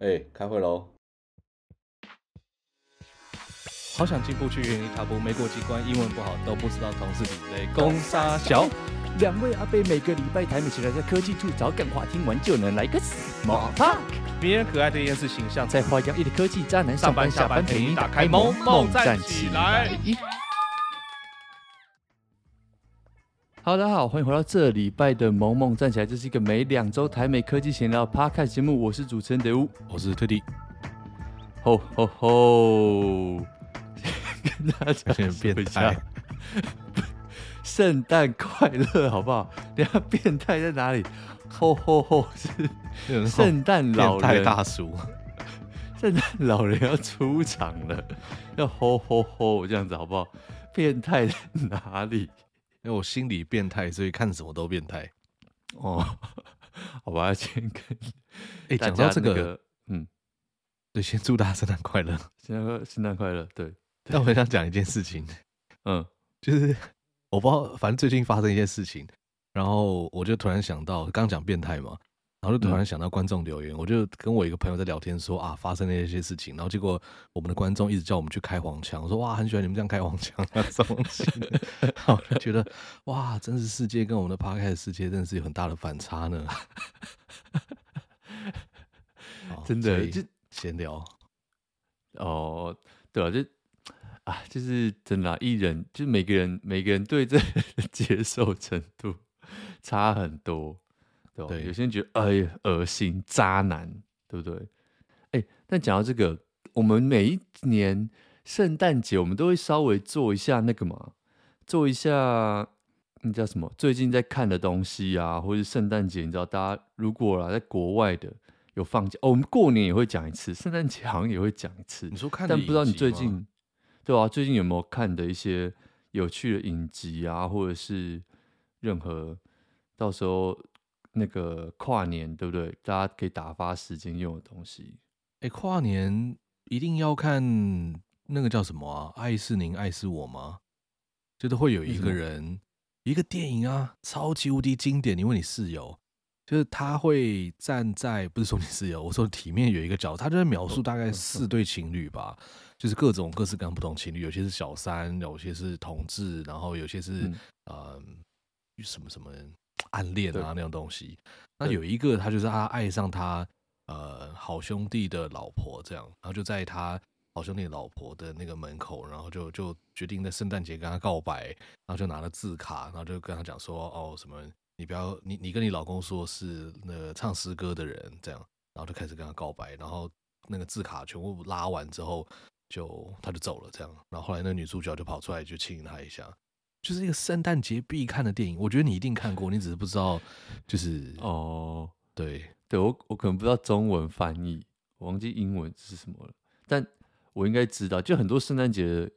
哎、欸，開會嘍！好想進步去原地踏步，沒過幾關，英文不好都不知道同事幾歲。攻三小，兩位阿貝每個禮拜台美起來，在科技處找幹話，聽完就能來個 small talk。迷人可愛的電視形象，在花漾一的科技渣男，上班下班陪你打開夢夢站起來。Hello, 大家好，歡迎回到這禮拜的《萌萌站起來》，這是一個每兩周台美科技閒聊 Podcast 節目。我是主持人德烏，我是 Teddy。吼吼吼！跟大家說一下變態，聖誕快樂，好不好？你看變態在哪裡？吼吼吼！是聖誕老人大叔，聖誕老人要出場了，要吼吼吼這樣子，好不好？變態在哪裡？因為我心理變態，所以看什麼都變態。哦，好吧、 欸，先跟哎講到這個，那個，嗯，對，先祝大家聖誕快樂，新賀聖誕快樂，對。對但我很想講一件事情， 嗯，就是我不知道，反正最近發生一件事情，然後我就突然想到，剛講變態嘛。我就突然想到觀眾留言，嗯、我就跟我一個朋友在聊天說，說啊，發生了一些事情，然後結果我們的觀眾一直叫我們去開黃腔，我說哇，很喜歡你們這樣開黃腔那種我覺得哇，真實世界跟我們的 podcast 世界真的是有很大的反差呢， 好真的就閒聊，哦、呃，對啊，就啊，就是真的、啊，藝人就每個人每個人對這接受程度差很多。對，有些人覺得哎呀噁心，渣男，對不對？哎，但講到這個，我們每一年聖誕節，我們都會稍微做一下那個嘛，做一下那叫什麼？最近在看的東西啊，或者是聖誕節，你知道，大家如果啦，在國外的有放假，哦，我們過年也會講一次，聖誕節好像也會講一次。你說看，但不知道你最近對吧、啊？最近有沒有看的一些有趣的影集啊，或者是任何到時候。那個跨年對不對？大家可以打發時間用的東西。誒、欸，跨年一定要看那個叫什麼啊？愛是你，愛是我嗎？就是會有一個人，一個電影啊，超級無敵經典。你問你室友，就是他會站在不是說你室友， 我說體面有一個角度，他就在描述大概四對情侶吧，哦嗯、就是各種各式各樣不同情侶，有些是小三，有些是同志，然後有些是，嗯呃，什麼什麼人。暗戀啊，那種東西。對那有一個，他就是他愛上他呃好兄弟的老婆，這樣。然後就在他好兄弟老婆的那個門口，然後就就決定在聖誕節跟他告白。然後就拿了字卡，然後就跟他講說：“哦，什麼，你不要你你跟你老公說是那個唱詩歌的人這樣。”然後就開始跟他告白。然後那個字卡全部拉完之後就，就他就走了這樣。然後後來那女主角就跑出來就親他一下。就是一個聖誕節必看的電影，我覺得你一定看過，你只是不知道，就是哦，對對，我我可能不知道中文翻譯，我忘記英文是什麼了，但我應該知道，就很多聖誕節的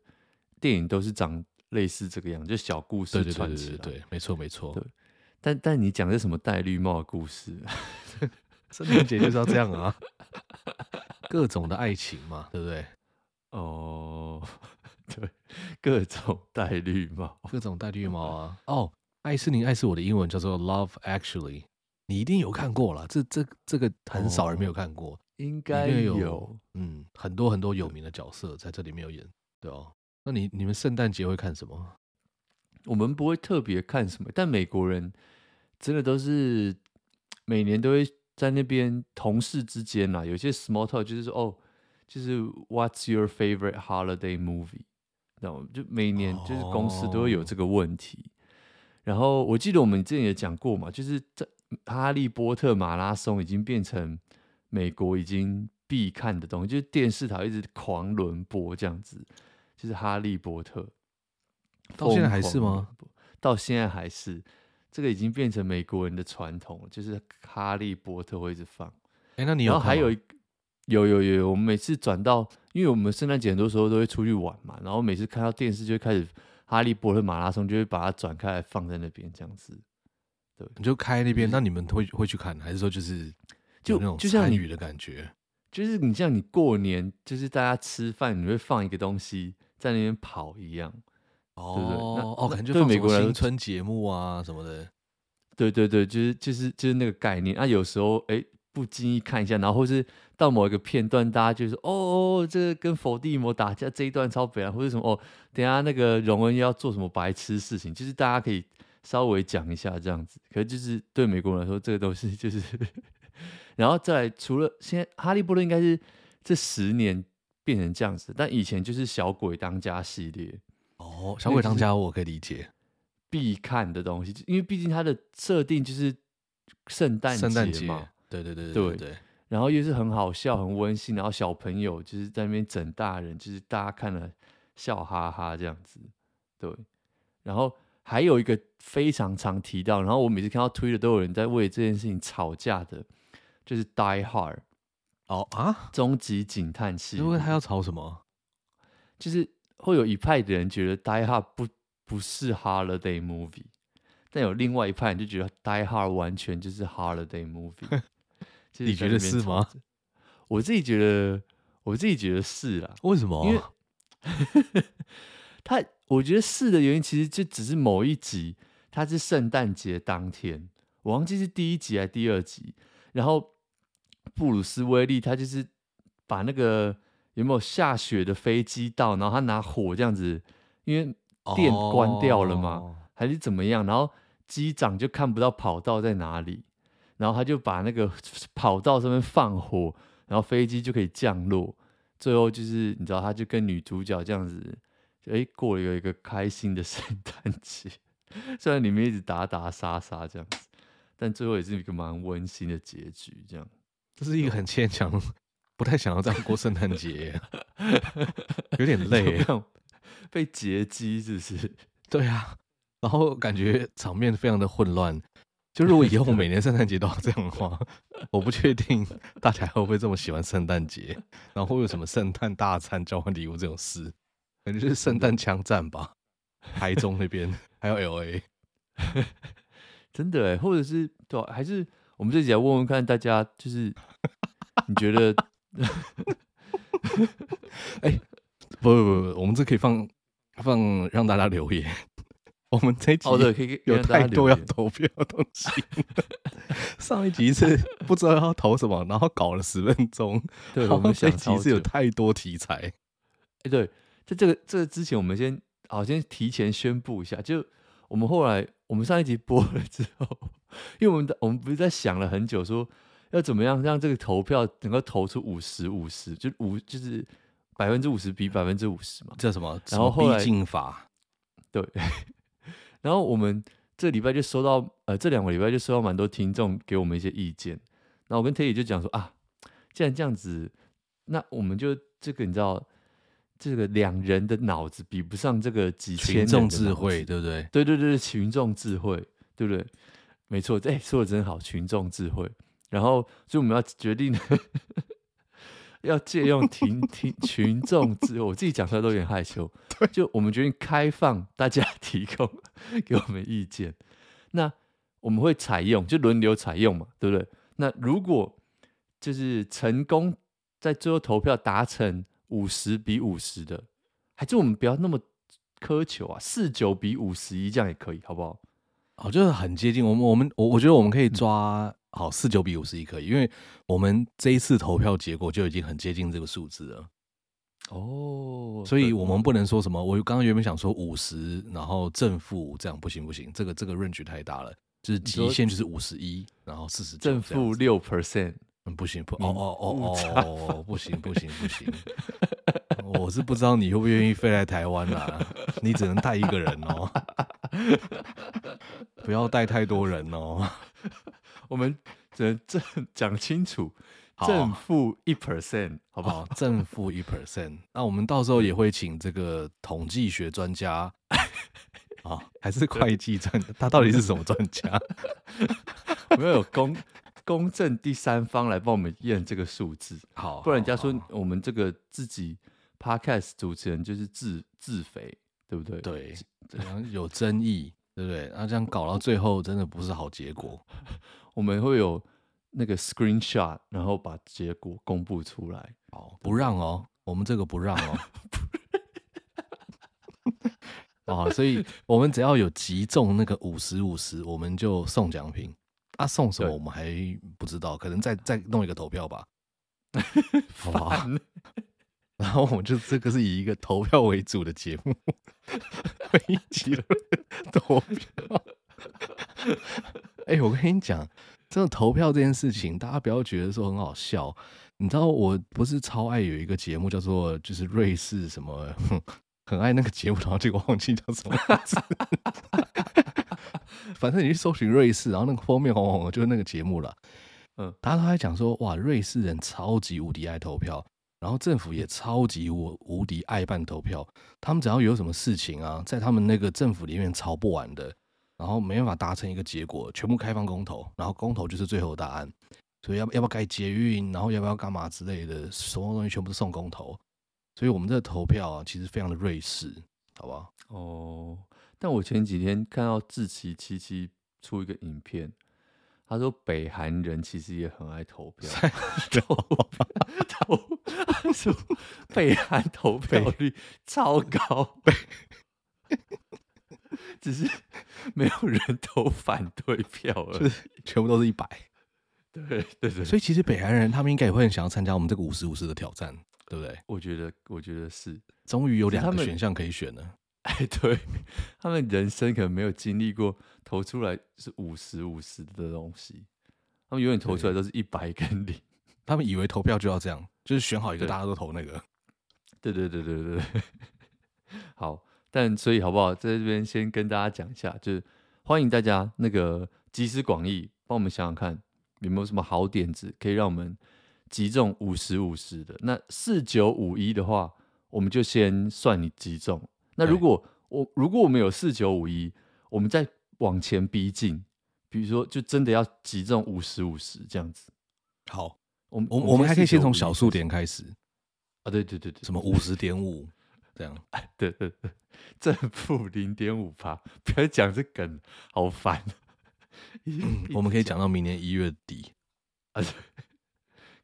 電影都是長類似這個樣，就小故事、傳奇，對對對對對，對，沒錯沒錯，對，但但你講的是什麼戴綠帽的故事啊？ 聖誕節就是要這樣啊， 各種的愛情嘛， 對不對？哦。對，各種戴綠帽，各種戴綠帽啊！哦，《愛是你，愛是我的》英文叫做《Love Actually》，你一定有看過了。這、這、這個很少人沒有看過，哦、應該有，有。嗯，很多很多有名的角色在這裡沒有演，對哦、啊。那你、你們聖誕節會看什麼？我們不會特別看什麼，但美國人真的都是每年都會在那邊同事之間啊，有些 small talk 就是說，哦，就是 What's your favorite holiday movie？知道嗎？就每年就是公司都會有這個問題。Oh. 然後我記得我們之前也講過嘛，就是《哈利波特》馬拉松已經變成美國已經必看的東西，就是電視台一直狂輪播這樣子。就是《哈利波特》到現在還是嗎？到現在還是，這個已經變成美國人的傳統，就是《哈利波特》會一直放。哎，那你要然後還有一。有有有，我們每次轉到，因為我們聖誕節很多時候都會出去玩嘛，然後每次看到電視就會開始《哈利波特馬拉松》，就會把它轉開來放在那邊這樣子。對，你就開那邊，就是、那你們會會去看，還是說就是就就那種參與的感覺就就？就是你像你過年，就是大家吃飯，你會放一個東西在那邊跑一樣，哦對不對？對哦，對、哦，美國人春節目啊什麼的。對對對，就是就是就是那個概念。那、啊、有時候哎。欸不經意看一下，然後或是到某一個片段，大家就說：“哦哦，這個跟佛地魔打架這一段超悲涼，或是什麼哦，等下那個榮恩要做什麼白痴事情？”就是大家可以稍微講一下這樣子。可是就是對美國人來說，這個東西就是呵呵。然後再來，除了現在哈利波特應該是這十年變成這樣子，但以前就是小鬼當家系列哦，小鬼當家我可以理解，所以必看的東西，因為畢竟它的設定就是聖誕節嘛。聖誕節對對對對對，然後又是很好笑，很溫馨，然後小朋友就是在那邊整大人，就是大家看了笑哈哈這樣子。對，然後還有一個非常常提到，然後我每次看到推特都有人在為這件事情吵架的，就是《Die Hard》哦啊，終極警探器因為他要吵什麼？就是會有一派的人覺得《Die Hard》不，不是 Holiday Movie，但有另外一派人就覺得《Die Hard》完全就是 Holiday Movie。 你覺得是嗎？我自己覺得，我自己覺得是啦、啊。為什麼？因為他我覺得是的原因，其實就只是某一集，它是聖誕節當天，我忘記是第一集還是第二集。然後布魯斯·威利他就是把那個有沒有下雪的飛機道，然後他拿火這樣子，因為電關掉了嘛，還是怎麼樣？然後機長就看不到跑道在哪裡。然後他就把那個跑道上面放火，然後飛機就可以降落。最後就是你知道，他就跟女主角這樣子，哎，過了有一個開心的聖誕節。雖然裡面一直打打殺殺這樣子，但最後也是一個蠻溫馨的結局。這樣，這是一個很牽強， 不太想要這樣過聖誕節，有點累。就被劫機是不是對啊，然後感覺場面非常的混亂。就是如果以後我每年聖誕節都要這樣的話， 我不確定大家會不會這麼喜歡聖誕節，然後會有什麼聖誕大餐、交換禮物這種事，可能就是聖誕槍戰吧？台中那邊 還有 LA， 真的誒、欸、或者是對、啊，還是我們這節來問問看大家，就是你覺得 欸？哎，不不不不，我們這可以放放讓大家留言。我們這一集有太多要投票的東西、oh,。上一集是不知道要投什麼，然後搞了十分鐘。 對我的們這一集是有太多題材。哎、欸，對，在這個在這個之前，我們先好先提前宣布一下，就我們後來我們上一集播了之後，因為我們我們不是在想了很久，說要怎麼樣讓這個投票能夠投出五十五十，50, 就五就是百分之五十比百分之五十嘛。叫什麼？然後後來進法對。然後我們這禮拜就收到，呃，這兩個禮拜就收到蠻多聽眾給我們一些意見。那我跟 Terry 就講說啊，既然這樣子，那我們就這個你知道，這個兩人的腦子比不上這個幾千人群眾智慧，對不對？對，對對對，群眾智慧，對不對？沒錯，哎，說得真好，群眾智慧。然後，所以我們要決定。 要借用挺挺群群群眾之，我自己講出來都有點害羞。 對 就我們決定開放大家提供 給我們意見， 那我們會採用，就輪流採用嘛，對不對？那如果就是成功在最後投票達成五十比五十的，還是我們不要那麼苛求啊，四九比五十一這樣也可以，好不好？哦，好，就是很接近。我們我們我我覺得我們可以抓。嗯好，四九比五十一可以，因為我們這一次投票結果就已經很接近這個數字了。哦，所以我們不能說什麼。我剛剛原本想說五十，然後正負這樣不行不行，這個這個 range 太大了，就是極限就是五十一，然後四十正負六 percent，嗯，不行不，哦哦哦哦哦，不行不行不行，我是不知道你會不願意飛來台灣啦，啊，你只能帶一個人哦，不要帶太多人哦。我們只能正講清楚，正負一 percent，好不好？哦、正負一 percent。那我們到時候也會請這個統計學專家，啊、嗯哦，還是會計專家？對他到底是什麼專家？ 我們要有公公正第三方來幫我們驗這個數字，好，好，好，不然人家說我們這個自己 podcast 主持人就是自自肥，對不對？對，可能有爭議。對不對？那、啊、這樣搞到最後，真的不是好結果。嗯、 我們會有那個 screenshot，然後把結果公布出來哦，不讓哦，對我們這個不讓哦。哦，所以我們只要有集中那個五十五十，我們就送獎品。他、啊、送什麼我們還不知道，對可能再再弄一個投票吧。煩 煩 好。 然後我們就這個是以一個投票為主的節目，每一集的投票。哎、欸，我跟你講，這的、個，投票這件事情，大家不要覺得說很好笑。你知道，我不是超愛有一個節目叫做就是瑞士什麼？很愛那個節目，然後結果忘記叫什麼。反正你去搜尋瑞士，然後那個封面紅紅的，就是那個節目了。嗯，大家都在講說，哇，瑞士人超級無敵愛投票。然後政府也超級無無敵愛辦投票，他們只要有什麼事情啊，在他們那個政府裡面吵不完的，然後沒辦法達成一個結果，全部開放公投，然後公投就是最後的答案。所以要要不要改捷運，然後要不要幹嘛之類的，所有東西全部都送公投。所以我們的投票啊，其實非常的瑞士，好不好？哦，但我前幾天看到志祺七七出一個影片。他說：“北韓人其實也很愛投票， 投票投，他說北韓投票率超高， 只是沒有人投反對票了，就是全部都是一百。”對對對，所以其實北韓人他們應該也會很想要參加我們這個五十五十的挑戰，對不對？我覺得，我覺得是，終於有兩個選項可以選了。對，對，他們人生可能沒有經歷過投出來是五十五十的東西，他們永遠投出來都是一百跟零，他們以為投票就要這樣，就是選好一個大家都投那個。對對對對對對，好，但所以好不好，在這邊先跟大家講一下，就是歡迎大家那個集思廣益，幫我們想想看有沒有什麼好點子，可以讓我們集中五十五十的。那四九五一的話，我們就先算你集中。那如果、欸、我如果我們有四九五一，我們再往前逼近，比如說就真的要集中五十五十這樣子。好，我們我們我們還可以先從小數點開始,開始啊，對對對什麼五十點五這樣、啊，對對對，正負零點五趴不要講這梗，好煩。嗯、我們可以講到明年一月底啊，對。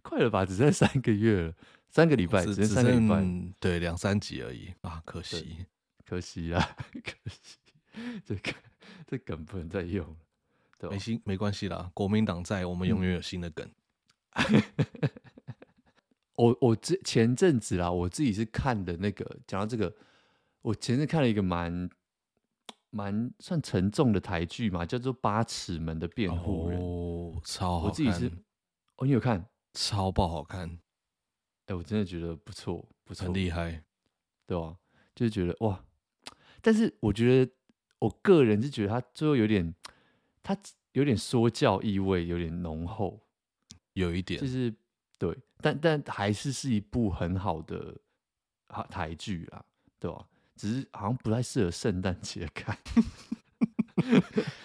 快了吧？只剩三個月了，三個禮拜只,只剩三個禮拜，對，兩三集而已啊，可惜。可惜啦，可惜，這梗這梗不能再用了。對，沒心沒關係啦，國民黨在，我們永遠有，有新的梗。嗯、 我我前陣子啦，我自己是看的那個，講到這個，我前陣看了一個蠻蠻算沉重的台劇嘛，叫做《八尺門的辯護人》哦，超好看，我自己是，我、哦、有看，超爆好看。哎、欸，我真的覺得不錯，不錯，很厲害，對啊，就是、覺得哇。但是我覺得，我個人是覺得他最後有點，他有點說教意味，有點濃厚，有一點，就是對，但但還是是一部很好的台劇啦，對吧，啊？只是好像不太適合聖誕節看，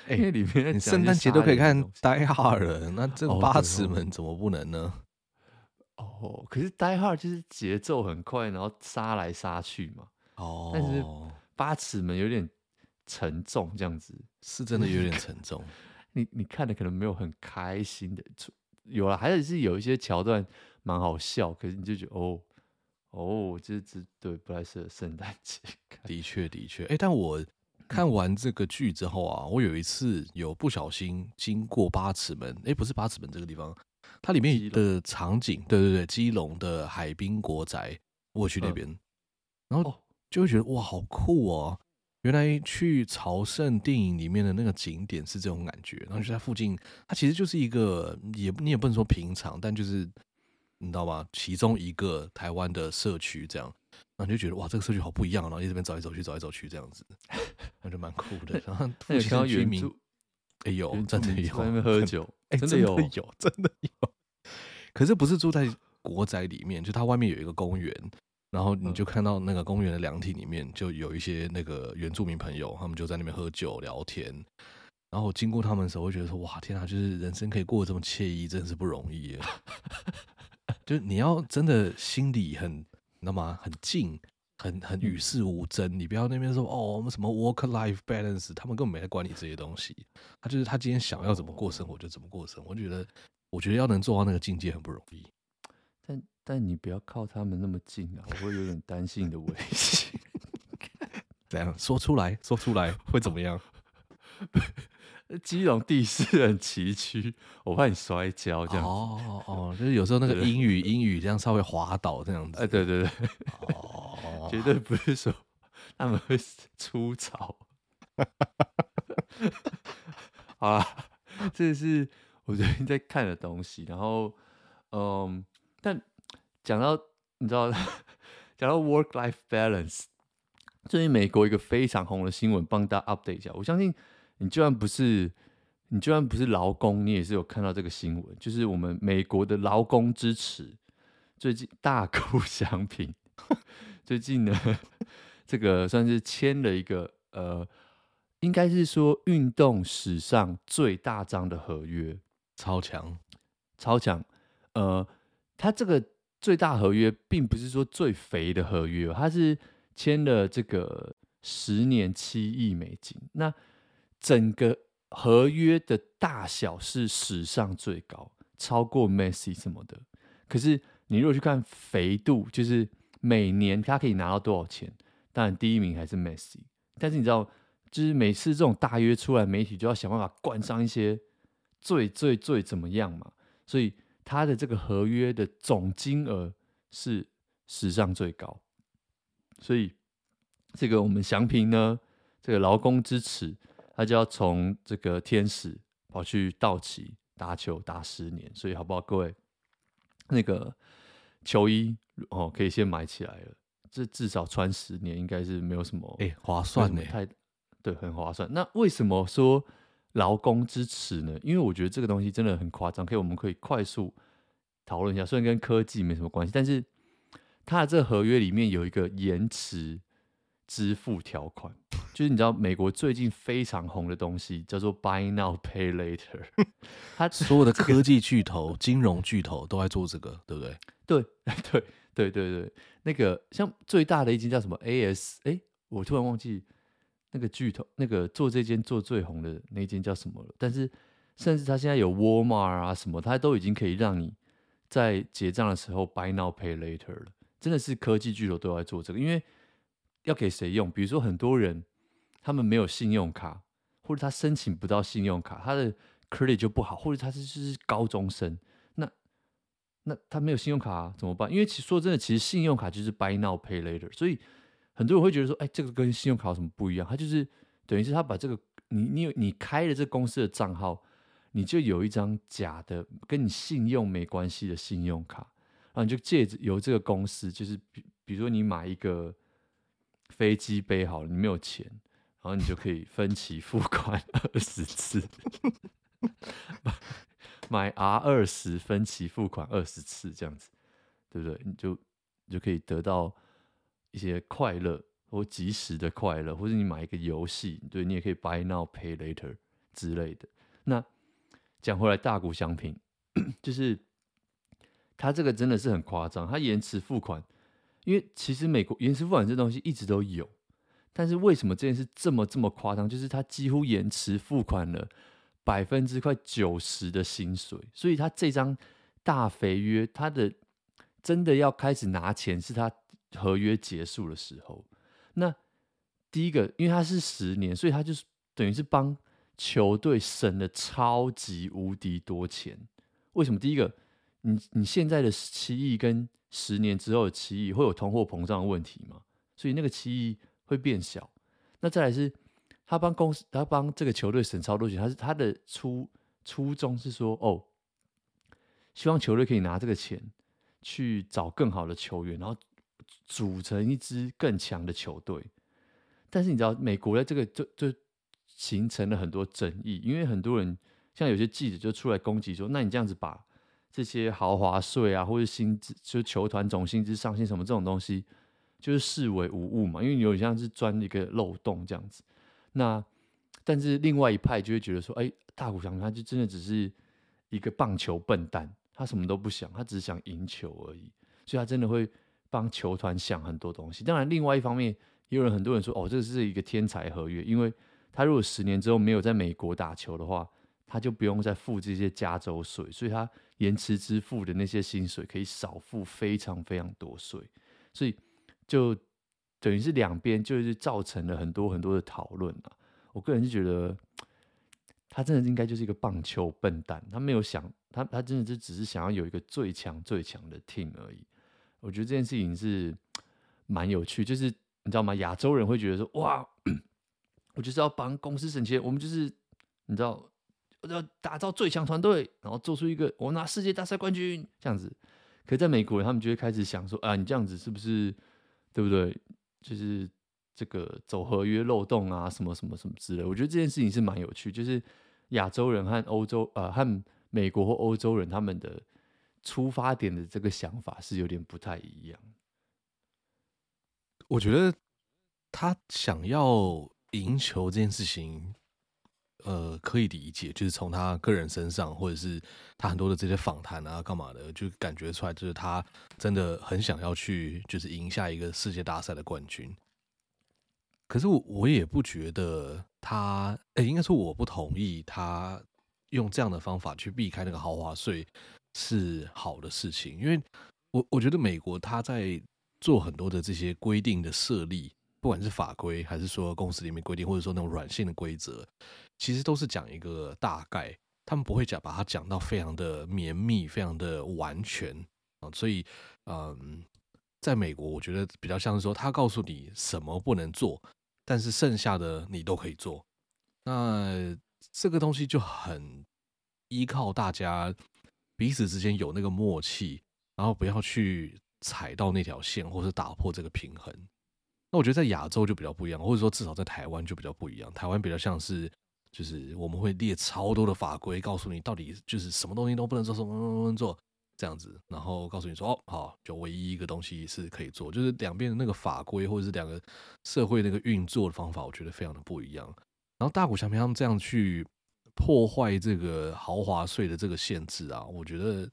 因為裡面你聖誕節都可以看《Die Hard 了》，那這八尺門怎麼不能呢？哦、oh,，oh, 可是《Die Hard》就是節奏很快，然後殺來殺去嘛。哦、oh.，但是。八尺門有點沉重，這樣子是真的有點沉重你看你。你你看的可能沒有很開心的，有了還是有一些橋段蠻好笑，可是你就覺得哦哦，這這對不太適合聖誕節看。的確的確，欸，但我看完這個劇之後啊，嗯、我有一次有不小心經過八尺門，哎、欸，不是八尺門這個地方，它裡面的場景，基隆。對對對，基隆的海濱國宅，我去那邊，嗯、然後、哦。就會覺得哇，好酷哦！原來去朝聖電影裡面的那個景點是這種感覺，然後就在附近，它其實就是一個也你也不能說平常，但就是你知道嗎？其中一個台灣的社區這樣，然後就覺得哇，這個社區好不一樣，然後一直邊走來走去走來走去這樣子，那就蠻酷的。然後其他居民， 哎呦，真的有，在那邊喝酒，真的有有真的有，可是不是住在國宅裡面，就它外面有一個公園。然後你就看到那個公園的涼亭裡面，就有一些那個原住民朋友，他們就在那邊喝酒聊天。然後我經過他們的時候，會覺得說：“哇，天啊，就是人生可以過得這麼愜意，真是不容易。” 就你要真的心裡很那麼很靜，很近很，很與世無爭，你不要那邊說哦，我們什麼 work-life balance，他們根本沒在管你這些東西。他就是他今天想要怎麼過生活，就怎麼過生活。我覺得，我覺得要能做到那個境界，很不容易。但但你不要靠他們那麼近啊，我會有點擔心你的危險。 怎樣？說出來，說出來會怎麼樣？ 基隆地勢很崎嶇，我怕你摔跤這樣子。哦哦，就是有時候那個陰雨，對對對對，陰雨這樣稍微滑倒這樣子。哎，啊、對對對，哦，oh. 絕對不是說他們會出草。 好了啦， 這是我最近在看的東西，然後嗯。但講到你知道，講到 work life balance，最近美國一個非常紅的新聞，幫大家 update 一下。我相信你就算不是你就算不是勞工，你也是有看到這個新聞。就是我們美國的勞工之恥，最近大谷翔平。最近呢，這個算是簽了一個呃，應該是說運動史上最大張的合約，超強，超強，呃。他這個最大合約，並不是說最肥的合約哦，他是簽了這個十年七億美金。那整個合約的大小是史上最高，超過 Messi 什麼的。可是你如果去看肥度，就是每年他可以拿到多少錢？當然第一名還是 Messi。但是你知道，就是每次這種大約出來，媒體就要想辦法冠上一些最最最怎麼樣嘛，所以。他的這個合約的總金額是史上最高，所以這個我們翔平呢，這個勞工之恥他就要從這個天使跑去道奇打球打十年，所以好不好？各位那個球衣哦、喔，可以先買起來了，這至少穿十年，應該是沒有什麼誒，划算的。太對，很划算。那為什麼說？勞工支持呢？因為我覺得這個東西真的很誇張，可以，我們可以快速討論一下。雖然跟科技沒什麼關係，但是它的這個合約裡面有一個延遲支付條款，就是你知道美國最近非常紅的東西叫做 “buy now, pay later”，它所有的科技巨頭、這個、金融巨頭都在做這個，對不對？對，對，對，對，對，那個像最大的一間叫什麼 AS？誒，我突然忘記。那個巨頭，那個做這間做最紅的那間叫什麼了？但是，甚至他現在有 Walmart 啊什麼，他都已經可以讓你在結賬的時候 buy now pay later 了。真的是科技巨頭都在做這個，因為要給誰用？比如說很多人他們沒有信用卡，或者他申請不到信用卡，他的 credit 就不好，或者他是就是高中生，那那他沒有信用卡、啊、怎麼辦？因為其實說真的，其實信用卡就是 buy now pay later，所以。很多人會覺得說：“哎、欸，這個跟信用卡有什麼不一樣？”他就是，等於是他把這個你你有你開了這個公司的賬號，你就有一張假的跟你信用沒關係的信用卡，然後你就借着由這個公司，就是比比如說你買一個飛機杯好了，你沒有錢，然後你就可以分期付款二十次， 買 R 二十分期付款二十次這樣子，對不對？你就你就可以得到。一些快樂或即時的快樂，或者你買一個遊戲，對，你也可以 buy now pay later 之類的。那講回來，大股商品，大谷翔平就是他這個真的是很誇張，他延遲付款。因為其實美國延遲付款這東西一直都有，但是為什麼這件事這麼這麼誇張？就是他幾乎延遲付款了百分之快九十的薪水，所以他這張大肥約，他的真的要開始拿錢是他。合約結束的時候，那第一個，因為他是十年，所以他就是等於是幫球隊省了超級無敵多錢。為什麼？第一個，你你現在的七億跟十年之後的七億會有通貨膨脹的問題嗎？所以那個七億會變小。那再來是，他幫公司，他幫這個球隊省超多錢。他是他的初初衷是說，哦，希望球隊可以拿這個錢去找更好的球員，然後。組成一支更強的球隊，但是你知道，美國的這個就就形成了很多爭議，因為很多人像有些記者就出來攻擊說，那你這樣子把這些豪華稅啊，或者薪資，就是球團總薪資上限什麼這種東西，就是視為無物嘛，因為你有像是鑽一個漏洞這樣子。那但是另外一派就會覺得說，哎，大谷翔平就真的只是一個棒球笨蛋，他什麼都不想，他只是想贏球而已，所以他真的會。幫球團想很多東西，當然，另外一方面也有人很多人說，哦，這是一個天才合約，因為他如果十年之後沒有在美國打球的話，他就不用再付這些加州稅，所以他延遲支付的那些薪水可以少付非常非常多稅，所以就等於是兩邊就是造成了很多很多的討論啊。我個人就覺得，他真的應該就是一個棒球笨蛋，他沒有想他他真的就只是想要有一個最強最強的 team 而已。我覺得這件事情是蠻有趣，就是你知道嗎？亞洲人會覺得說：“哇，我就是要幫公司省錢，我們就是你知道我要打造最強團隊，然後做出一個我拿世界大賽冠軍這樣子。”可是在美國人，他們就會開始想說：“啊、呃，你這樣子是不是對不對？就是這個走合約漏洞啊，什麼什麼什麼之類。”我覺得這件事情是蠻有趣，就是亞洲人和歐洲呃和美國或歐洲人他們的。出發點的這個想法是有點不太一樣。我覺得他想要贏球這件事情，呃，可以理解，就是從他個人身上，或者是他很多的這些訪談啊、幹嘛的，就感覺出來，就是他真的很想要去，就是贏下一個世界大賽的冠軍。可是我我也不覺得他，哎，應該說我不同意他用這樣的方法去避開那個豪華稅。是好的事情，因為我我覺得美國它在做很多的這些規定的設立，不管是法規還是說公司裡面規定，或者說那種軟性的規則，其實都是講一個大概，他們不會講，把它講到非常的綿密、非常的完全啊。所以，嗯，在美國，我覺得比較像是說，他告訴你什麼不能做，但是剩下的你都可以做。那這個東西就很依靠大家。彼此之間有那個默契，然後不要去踩到那條線，或是打破這個平衡。那我覺得在亞洲就比較不一樣，或者說至少在台灣就比較不一樣。台灣比較像是，就是我們會列超多的法規，告訴你到底就是什麼東西都不能做，什麼什麼不能做這樣子，然後告訴你說，哦，好，就唯一一個東西是可以做，就是兩邊的那個法規或者是兩個社會那個運作的方法，我覺得非常的不一樣。然後大谷翔平他們這樣去。破壞這個豪華稅的這個限制啊，我覺得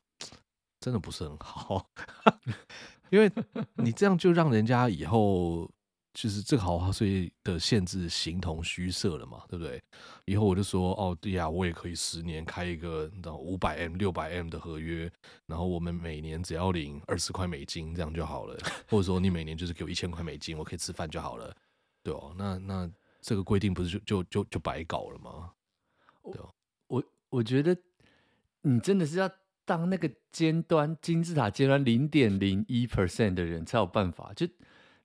真的不是很好， 因為你這樣就讓人家以後就是這個豪華稅的限制形同虛設了嘛，對不對？以後我就說哦，對呀，我也可以十年開一個，你知道五百 m 六百 m 的合約，然後我們每年只要領二十塊美金這樣就好了，或者說你每年就是給我一千塊美金，我可以吃飯就好了，對哦，那那這個規定不是就就就就白搞了嗎？我我我覺得你真的是要當那個尖端，金字塔尖端零點零一 percent 的人才有辦法。就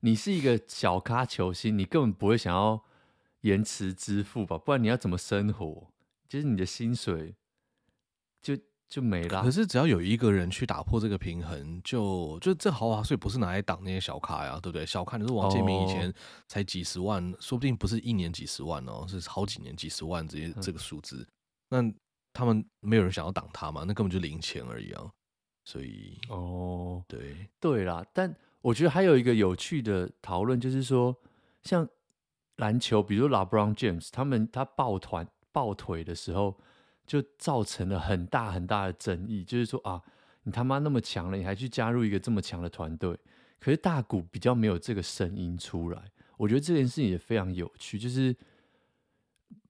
你是一個小咖球星，你根本不會想要延遲支付吧？不然你要怎麼生活？就是你的薪水就。就沒了。可是只要有一個人去打破這個平衡就，就就這豪華稅不是拿來擋那些小卡呀、啊，對不對？小卡，你說王建民以前才幾十萬，哦、說不定不是一年幾十萬哦，是好幾年幾十萬這些這個數字。嗯、那他們沒有人想要擋他嘛？那根本就零錢而已啊。所以哦，對對啦。但我覺得還有一個有趣的討論，就是說像籃球，比如 LeBron James，他們他抱團抱腿的時候。就造成了很大很大的爭議，就是說啊，你他媽那麼強了，你還去加入一個這麼強的團隊？可是大谷比較沒有這個聲音出來，我覺得這件事情也非常有趣，就是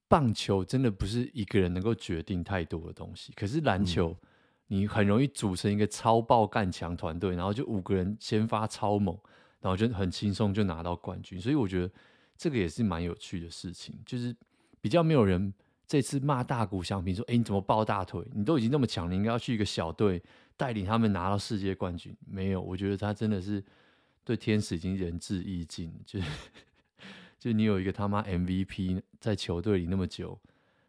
棒球真的不是一個人能夠決定太多的東西，可是籃球、嗯、你很容易組成一個超爆幹強團隊，然後就五個人先發超猛，然後就很輕鬆就拿到冠軍，所以我覺得這個也是蠻有趣的事情，就是比較沒有人。這次罵大谷翔平說：“哎，你怎麼抱大腿？你都已經那麼強，你應該要去一個小隊帶領他們拿到世界冠軍。”沒有，我覺得他真的是對天使已經仁至義盡。就就你有一個他媽 MVP 在球隊裡那麼久，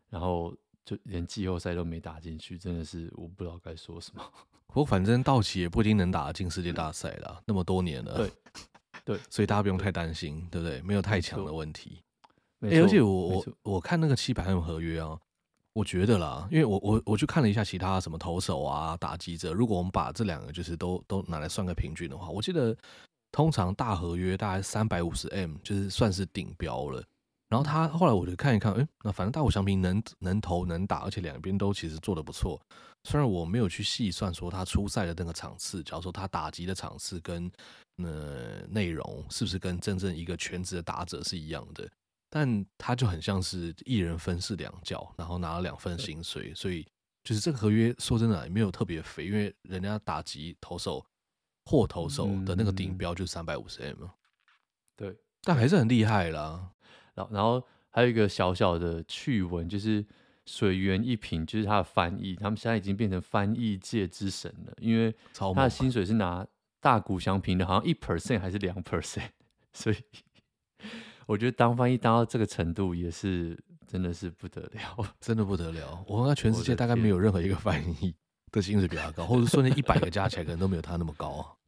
然後就連季後賽都沒打進去，真的是我不知道該說什麼。我反正道奇也不一定能打進世界大賽了啊，那麼多年了。對對，對所以大家不用太擔心，對，對不對？對沒有太強的問題。誒，沒錯，而且我沒錯，我我看那個七百 M 合約啊，我覺得啦，因為我我我去看了一下其他什麼投手啊、打擊者，如果我們把這兩個就是都都拿來算個平均的話，我記得通常大合約大概三百五十 M 就是算是頂標了。然後他後來我就看一看，誒，那反正大谷翔平能能投能打，而且兩邊都其實做的不錯。雖然我沒有去細算說他出賽的那個場次，假如說他打擊的場次跟呃內容是不是跟真正一個全職的打者是一樣的。但他就很像是一人分飾兩角，然後拿了兩份薪水，對所以就是這個合約說真的、啊、也沒有特別肥，因為人家打擊投手或投手的那個頂標就是三百五十 M，嗯、對，但還是很厲害啦。然後，還有一個小小的趣聞就是水原一平，就是他的翻譯，他們現在已經變成翻譯界之神了，因為他的薪水是拿大谷翔平的，好像一 percent 還是兩 percent，所以。 我覺得當翻譯當到這個程度也是真的是不得了，真的不得了。我看全世界大概沒有任何一個翻譯的薪水比他高，的或者說那一百個加起來可能都沒有他那麼高。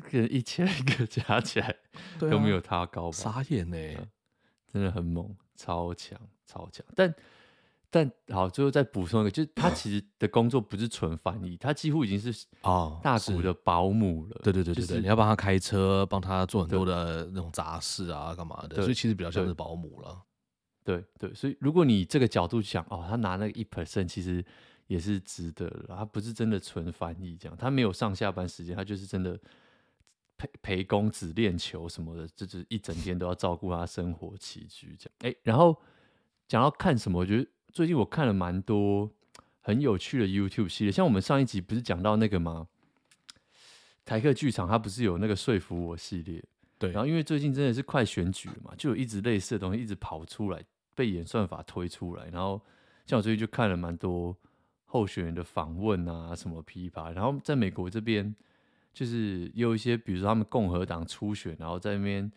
可能一千個加起來都沒有他高，啊，傻眼呢、欸啊，真的很猛，超強超強，但。但好，最後再補充一個，就是他其實的工作不是純翻譯，嗯、他幾乎已經是大谷的保姆了。啊、對對對對，對、就是、你要幫他開車，幫他做很多的那種雜事啊，對幹嘛的？對所以其實比較像是保姆了。對對，所以如果你這個角度想，哦，他拿那個1%其實也是值得的。他不是真的純翻譯這樣，他沒有上下班時間，他就是真的陪陪公子練球什麼的，就，就是一整天都要照顧他生活起居這樣。哎， 然後講到看什麼，我覺得。最近我看了蠻多很有趣的 YouTube 系列，像我們上一集不是講到那個嗎？台客劇場它不是有那個說服我系列，對。然後因為最近真的是快選舉了嘛，就有一直類似的東西一直跑出來，被演算法推出來。然後像我最近就看了蠻多候選人的訪問啊，什麼批判。然後在美國這邊。就是有一些，比如說他們共和黨初選，然後在那邊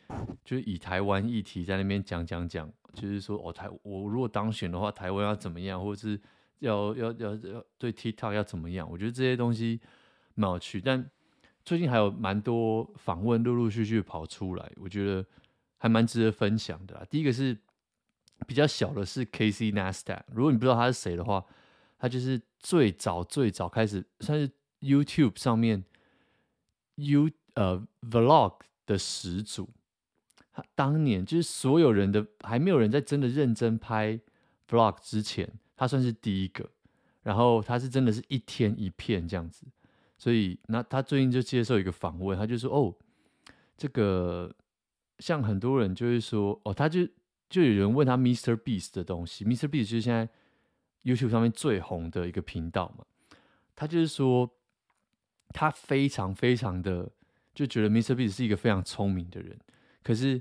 就是以台灣議題在那邊講講講，就是說哦台我如果當選的話，台灣要怎麼樣，或者是要要要要對 TikTok 要怎麼樣？我覺得這些東西蠻有趣。但最近還有蠻多訪問陸陸續續跑出來，我覺得還蠻值得分享的啦。第一個是比較小的是 k c n a s d a 如果你不知道他是誰的話，他就是最早最早開始算是 YouTube 上面。U 呃，uh，vlog 的始祖，他當年就是所有人的還沒有人在真的認真拍 vlog 之前，他算是第一個。然後他是真的是一天一片這樣子，所以那他最近就接受一個訪問，他就說：“哦，這個像很多人就是說，哦，他就就有人問他 Mr. Beast 的東西，Mr. Beast 就是現在 YouTube 上面最紅的一個頻道嘛，他就是說。”他非常非常的就覺得 Mr. Beast 是一個非常聰明的人，可是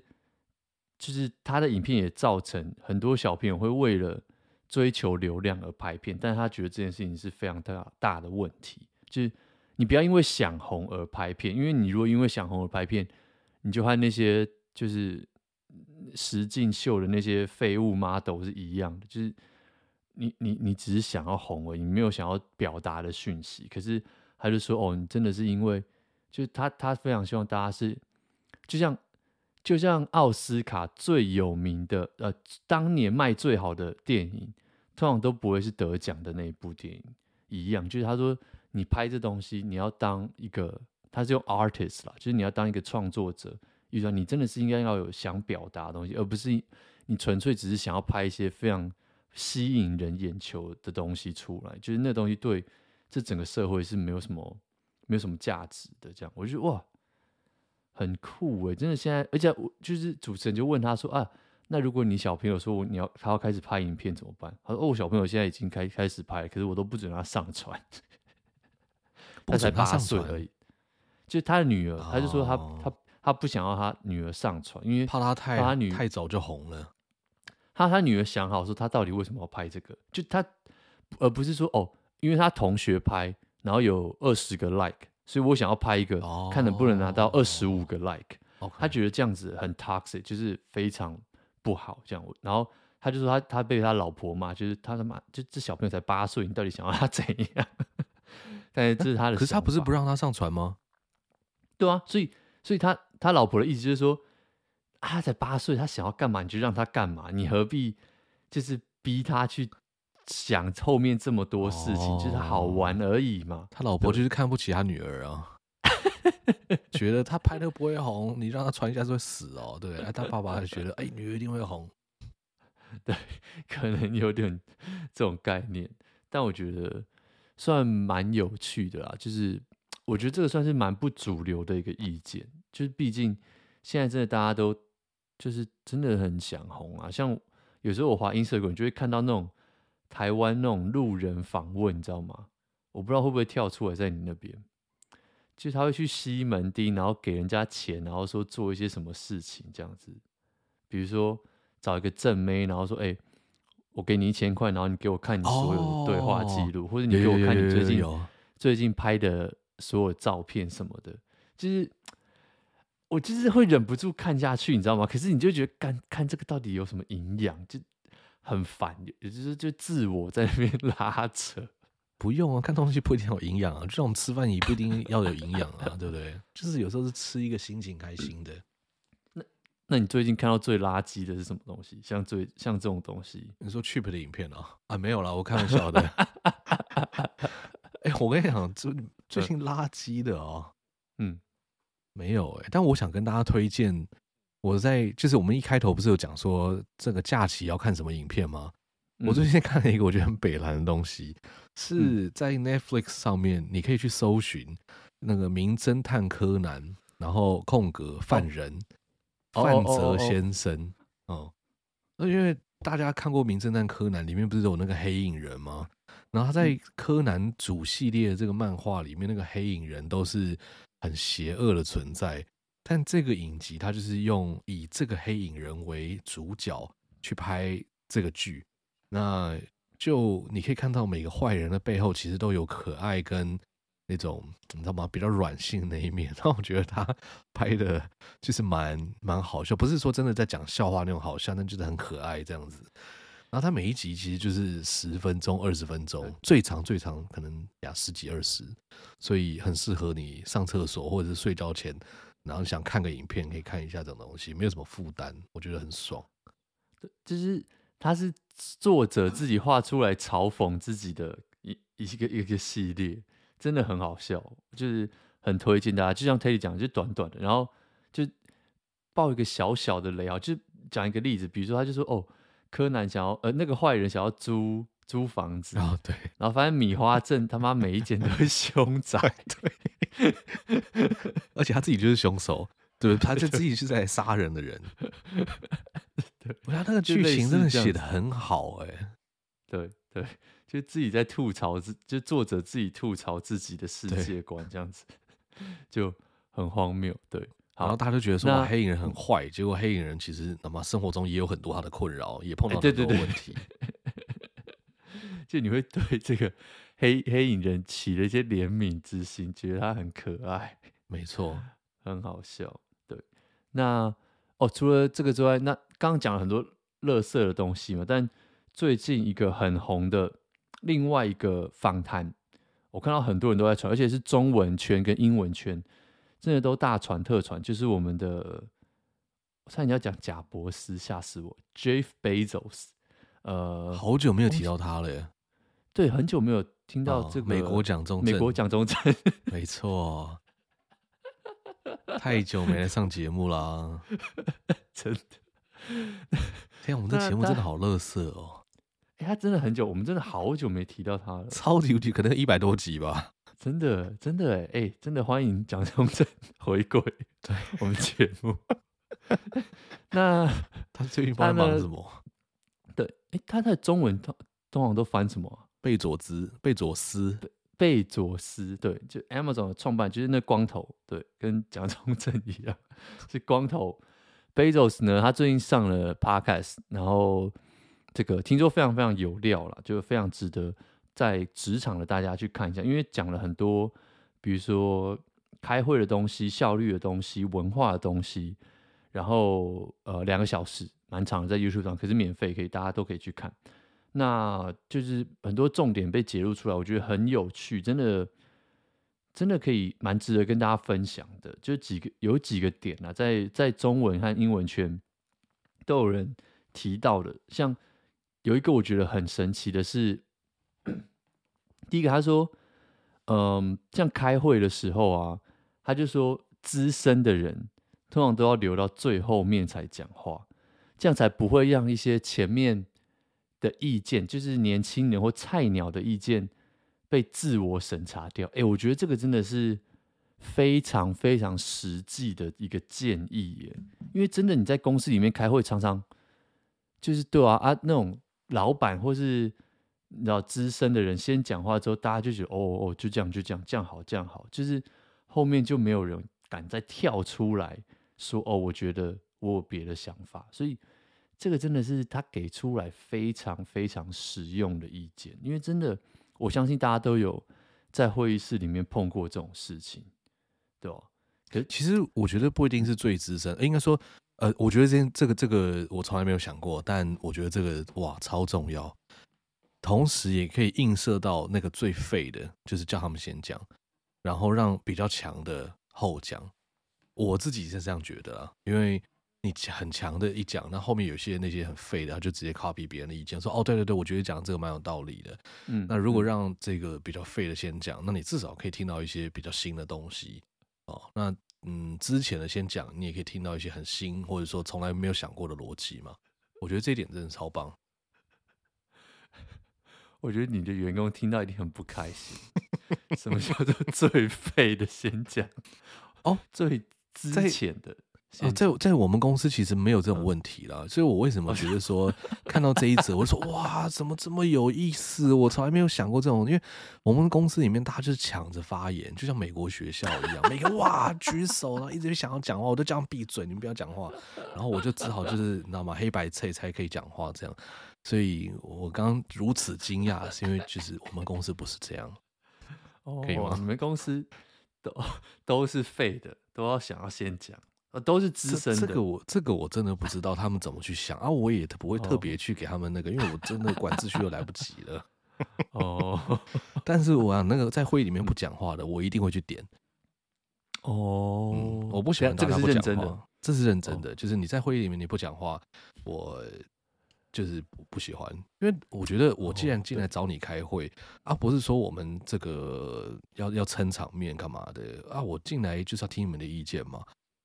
就是他的影片也造成很多小朋友會為了追求流量而拍片，但是他覺得這件事情是非常大大的問題，就是你不要因為想紅而拍片，因為你如果因為想紅而拍片，你就和那些就是實境秀的那些廢物 model 是一樣的，就是你你你只是想要紅而已，你沒有想要表達的訊息，可是。他就說，哦，你真的是因為，就是他，他非常希望大家是，就像，就像奧斯卡最有名的，呃，當年賣最好的電影，通常都不會是得獎的那一部電影一樣。就是他說，你拍這東西，你要當一個，他是用 artist 啦，就是你要當一個創作者，遇到你真的是應該要有想表達的東西，而不是你純粹只是想要拍一些非常吸引人眼球的東西出來，就是那東西對。這整個社會是沒有什麼沒有什麼價值的，這樣我就覺得哇很酷哎、欸，真的現在，而且我就是主持人就問他說啊，那如果你小朋友說我你要他要開始拍影片怎麼辦？他說哦，小朋友現在已經開開始拍，可是我都不准他上傳， 他才八歲而已，就他的女兒，哦、他就說他他他不想要他女兒上傳，因為怕他太怕他女兒太早就紅了。他他女兒想好說他到底為什麼要拍這個，就他而、呃、不是說哦。因為他同學拍，然後有二十個 like，所以我想要拍一個，oh, 看能不能拿到二十五個 like。Oh, okay. 他覺得這樣子很 toxic，就是非常不好這樣。然後他就說他他被他老婆罵，就是他媽就這小朋友才八歲，你到底想要他怎樣？ 但是這是他的。可是他不是不讓他上傳嗎？對啊，所以所以他他老婆的意思就是說，啊、他才八歲，他想要幹嘛你就讓他幹嘛，你何必就是逼他去？想後面這麼多事情，哦、就是好玩而已嘛。他老婆就是看不起他女兒啊，對 覺得他拍的不會紅，你讓他傳一下就會死哦？對，他爸爸還覺得哎、 欸、女兒一定會紅，對，可能有點這種概念。但我覺得算蠻有趣的啦，就是我覺得這個算是蠻不主流的一個意見，就是畢竟現在真的大家都就是真的很想紅啊。像有時候我滑 Instagram 就會看到那種。台灣那種路人訪問，你知道嗎？我不知道會不會跳出來在你那邊。其實他會去西門町，然後給人家錢，然後說做一些什麼事情這樣子。比如說找一個正妹，然後說：“哎、欸，我給你一千塊，然後你給我看你所有的對話記錄，哦、或者你給我看你最近對對對最近拍的所有照片什麼的。”就是我就是會忍不住看下去，你知道嗎？可是你就覺得看看這個到底有什麼營養？就。很煩，也就是就自我在那邊拉扯。不用啊，看東西不一定有營養啊，就像吃飯也不一定要有營養啊， 對不對？就是有時候是吃一個心情開心的。嗯、那那你最近看到最垃圾的是什麼東西？像最像這種東西，你說 cheap 的影片啊、喔？啊，沒有啦，我開玩笑的。哎、 欸，我跟你講，最最近垃圾的哦、喔，嗯，沒有哎、欸，但我想跟大家推薦。我在就是我們一開頭不是有講說這個假期要看什麼影片嗎？嗯、我最近看了一個我覺得很北爛的東西，是在 Netflix 上面，你可以去搜尋那個《名偵探柯南》，然後空格犯人、哦、犯澤先生。哦,哦,哦,哦、嗯，那因為大家看過《名偵探柯南》，裡面不是有那個黑影人嗎？然後他在柯南主系列的這個漫畫裡面，那個黑影人都是很邪惡的存在。但這個影集，它就是用以這個黑影人為主角去拍這個劇，那就你可以看到每個壞人的背後其實都有可愛跟那種你知道嗎？比較軟性的那一面。那我覺得他拍的就是蠻蠻好笑，不是說真的在講笑話那種好笑，但就是很可愛這樣子。然後他每一集其實就是十分鐘、二十分鐘，嗯、最長最長可能呀十幾、二十，所以很適合你上廁所或者是睡覺前。然後想看個影片，可以看一下這種東西，沒有什麼負擔，我覺得很爽。對，就是他是作者自己畫出來嘲諷自己的一一個一個系列，真的很好笑，就是很推薦大家。就像 Teddy 講的，就短短的，然後就爆一個小小的雷啊、喔，就講一個例子，比如說他就說哦，柯南想要呃那個壞人想要租。租房子啊，oh, 對，然後發現米花鎮他媽每一間都是凶宅，對， 對 而且他自己就是凶手，對，他就自己是在殺人的人，對，對，我講那個劇情真的寫得很好，欸，哎，對對，就自己在吐槽自，就作者自己吐槽自己的世界觀對這樣子，就很荒謬，對，好然後大家都覺得說，啊、那黑影人很壞，結果黑影人其實他媽生活中也有很多他的困擾，也碰到很多的，哎、問題。就你會對這個黑黑影人起了一些憐憫之心，覺得他很可愛，沒錯，很好笑。對，那哦，除了這個之外，那剛剛講了很多樂色的東西嘛。但最近一個很紅的，另外一個訪談，我看到很多人都在傳，而且是中文圈跟英文圈，真的都大傳特傳。就是我們的，我猜你要講賈伯斯嚇死我，Jeff Bezos，呃，好久沒有提到他了耶。哦對，很久沒有聽到這個、哦、美國蔣中正。美國蔣中正，沒錯錯， 太久沒來上節目了、啊，真的。天、啊、我們的節目真的好樂色哦，他、欸！他真的很久，我們真的好久沒提到他了，超級久，可能一百多集吧。真的，真的，哎、欸，真的歡迎蔣中正回歸對我們節目。 那他最近在忙什麼？那個，對，哎、欸，他的中文通通常都翻什麼、啊？貝佐，佐斯，貝佐斯，貝佐斯，對，就 Amazon 的創辦，就是那光頭，對，跟蔣中正一樣，是光頭。Bezos 呢，他最近上了 Podcast，然後這個聽說非常非常有料了，就非常值得在職場的大家去看一下，因為講了很多，比如說開會的東西、效率的東西、文化的東西，然後呃兩個小時，蠻長的，在 YouTube 上，可是免費，可以大家都可以去看。那就是很多重點被揭露出來，我覺得很有趣，真的，真的可以蠻值得跟大家分享的。就幾個，有幾個點吶啊，在在中文和英文圈都有人提到的。像有一個我覺得很神奇的是，第一個他說，嗯，像開會的時候啊，他就說，資深的人通常都要留到最後面才講話，這樣才不會讓一些前面。的意見就是年輕人或菜鳥的意見被自我審查掉。哎、欸，我覺得這個真的是非常非常實際的一個建議耶。因為真的你在公司裡面開會，常常就是對啊啊，那種老闆或是你知道資深的人先講話之後，大家就覺得哦哦，就這樣就這樣這樣好這樣好，就是後面就沒有人敢再跳出來說哦，我覺得我有別的想法，所以。這個真的是他給出來非常非常實用的意見，因為真的，我相信大家都有在會議室裡面碰過這種事情，對，可是其實我覺得不一定是最資深，呃，應該說，呃，我覺得這這個這個我從來沒有想過，但我覺得這個哇超重要，同時也可以映射到那個最廢的，就是叫他們先講，然後讓比較強的後講。我自己是這樣覺得啊，因為。你很強的一講，那後面有些那些很廢的，他就直接 copy 別人的意見，說哦，對對對，我覺得講這個蠻有道理的。嗯，那如果讓這個比較廢的先講，嗯，那你至少可以聽到一些比較新的東西哦。那嗯，之前的先講，你也可以聽到一些很新或者說從來沒有想過的邏輯嘛。我覺得這一點真的超棒。我覺得你的員工聽到一定很不開心。 什麼叫做最廢的先講？ 哦，最之前的。啊、在在我們公司其實沒有這種問題啦，嗯、所以我為什麼覺得說看到這一則，我就說 哇，怎麼這麼有意思？我從來沒有想過這種，因為我們公司裡面大家就是搶着發言，就像美國學校一樣，每個哇舉手呢，然後一直想要講話，我都這樣閉嘴，你們不要講話，然後我就只好就是你知道嗎？黑白配才可以講話這樣，所以我剛如此驚訝，是因為就是我們公司不是這樣哦，可以嗎？你們公司都都是廢的，都要想要先講。啊，都是資深的這。這個我，這個我真的不知道他們怎麼去想 啊！我也不會特別去給他們那個，oh. 因為我真的管秩序又來不及了。哦， oh. 但是我、啊、那個在會議裡面不講話的，我一定會去點。哦、oh. 嗯，我不喜歡不。這個是認真的，這是認真的。Oh. 就是你在會議裡面你不講話，我就是不喜歡，因為我覺得我既然進來找你開會、oh. 對啊，不是說我們這個要要撐場面幹嘛的啊？我進來就是要聽你們的意見嘛。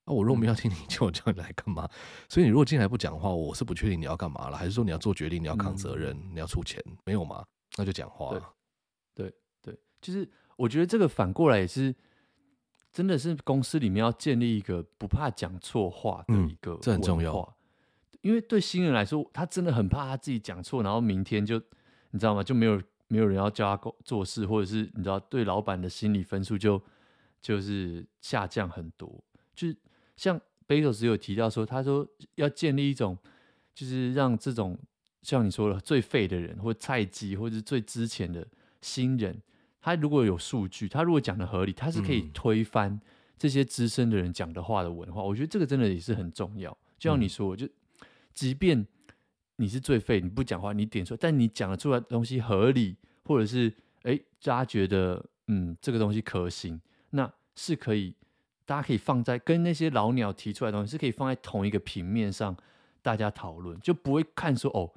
那、啊、我如果沒有聽你叫，我叫你來幹嘛？所以你如果進來不講話，我是不確定你要幹嘛了，還是說你要做決定，你要扛責任，嗯、你要出錢，沒有嘛？那就講話。對對，對，就是我覺得這個反過來也是，真的是公司裡面要建立一個不怕講錯話的一個、嗯、這很重要，因為對新人來說，他真的很怕他自己講錯，然後明天就你知道嗎？就沒有沒有人要叫他做事，或者是你知道對老闆的心理分數就就是下降很多，就。像貝索斯有提到說，他說要建立一種，就是讓這種像你說的最廢的人，或菜雞，或者最之前的新人，他如果有數據，他如果講的合理，他是可以推翻這些資深的人講的話的文化。嗯、我覺得這個真的也是很重要。就像你說，嗯、就即便你是最廢，你不講話，你點出來，但你講出來的東西合理，或者是哎、欸，大家覺得嗯這個東西可行，那是可以。大家可以放在跟那些老鳥提出來的東西是可以放在同一個平面上，大家討論就不會看說哦，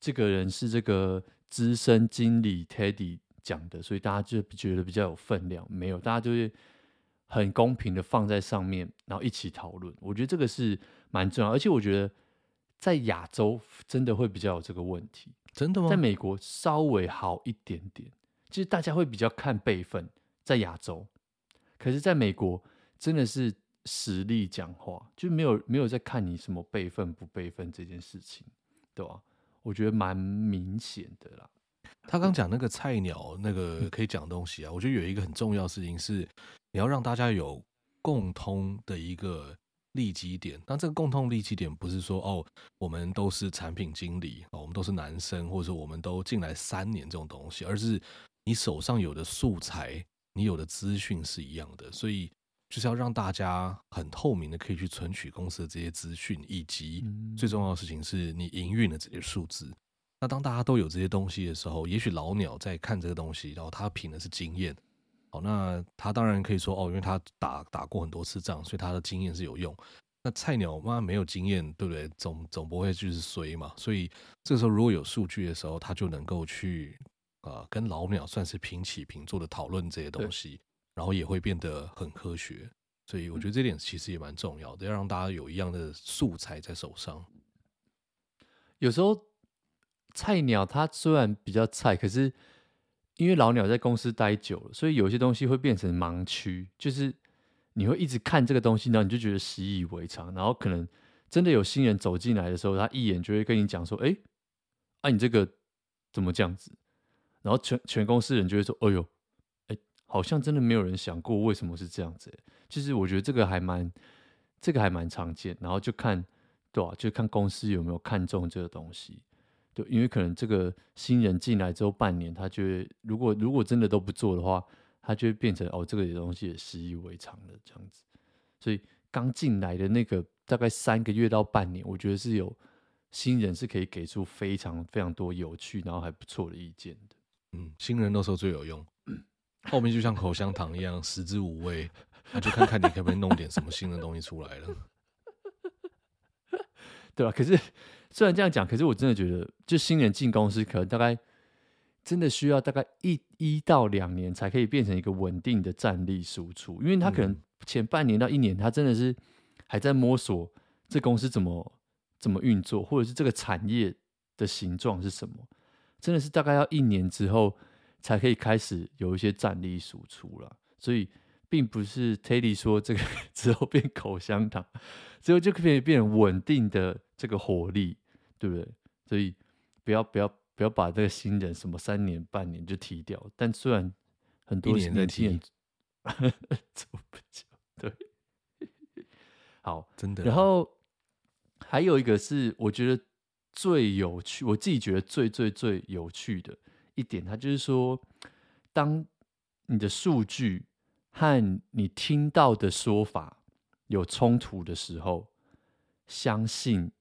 這個人是這個資深經理 Teddy 講的，所以大家就覺得比較有分量。沒有，大家就是很公平的放在上面，然後一起討論。我覺得這個是蠻重要，而且我覺得在亞洲真的會比較有這個問題，真的嗎？在美國稍微好一點點，其實大家會比較看輩分，在亞洲，可是在美國。真的是實力講話，就沒有沒有在看你什麼輩分不輩分這件事情，對吧？我覺得蠻明顯的啦。他剛講那個菜鳥那個可以講東西啊，我覺得有一個很重要的事情是，你要讓大家有共通的一個立基點。那這個共通立基點不是說哦，我們都是產品經理、哦、我們都是男生，或者說我們都進來三年這種東西，而是你手上有的素材，你有的資訊是一樣的，所以。就是要讓大家很透明的可以去存取公司的這些資訊，以及最重要的事情是你營運的這些數字。那當大家都有這些東西的時候，也許老鳥在看這個東西，然後他憑的是經驗。好，那他當然可以說哦，因為他打打過很多次仗，所以他的經驗是有用。那菜鳥嘛，沒有經驗，對不對總？總總不會就是衰嘛。所以這個時候如果有數據的時候，他就能夠去啊、呃，跟老鳥算是平起平坐的討論這些東西。然後也會變得很科學，所以我覺得這點其實也蠻重要的，要讓大家有一樣的素材在手上。有時候菜鳥它雖然比較菜，可是因為老鳥在公司待久了，所以有些東西會變成盲區，就是你會一直看這個東西，然後你就覺得習以為常。然後可能真的有新人走進來的時候，他一眼就會跟你講說：“哎，啊你這個怎麼這樣子？”然後全全公司人就會說：“哎呦。”好像真的沒有人想過為什麼是這樣子欸。就是我覺得這個還蠻，這個還蠻常見。然後就看，對吧？就看公司有沒有看中這個東西。對，因為可能這個新人進來之後半年，他就會如果如果真的都不做的話，他就會變成哦，這個東西也習以為常了這樣子。所以剛進來的那個大概三個月到半年，我覺得是有新人是可以給出非常非常多有趣，然後還不錯的意見的。嗯，新人那時候最有用。後面就像口香糖一樣，食之無味，那、啊、就看看你可不可以弄點什麼新的東西出來了， 對吧、啊？可是雖然這樣講，可是我真的覺得，就新人進公司，可能大概真的需要大概一一到兩年，才可以變成一個穩定的戰力輸出，因為他可能前半年到一年，他真的是還在摸索這公司怎麼怎麼運作，或者是這個產業的形狀是什麼，真的是大概要一年之後。才可以開始有一些戰力輸出了，所以並不是 Teddy 說這個 之後變口香糖，之後就可以變穩定的這個火力，對不對？所以不要不要不要把這個新人什麼三年半年就踢掉，但雖然很多年，人年在踢，走不久對，好真的。然後還有一個是我覺得最有趣，我自己覺得最最最，最有趣的，一點，他就是說，當你的數據和你聽到的說法有衝突的時候，相信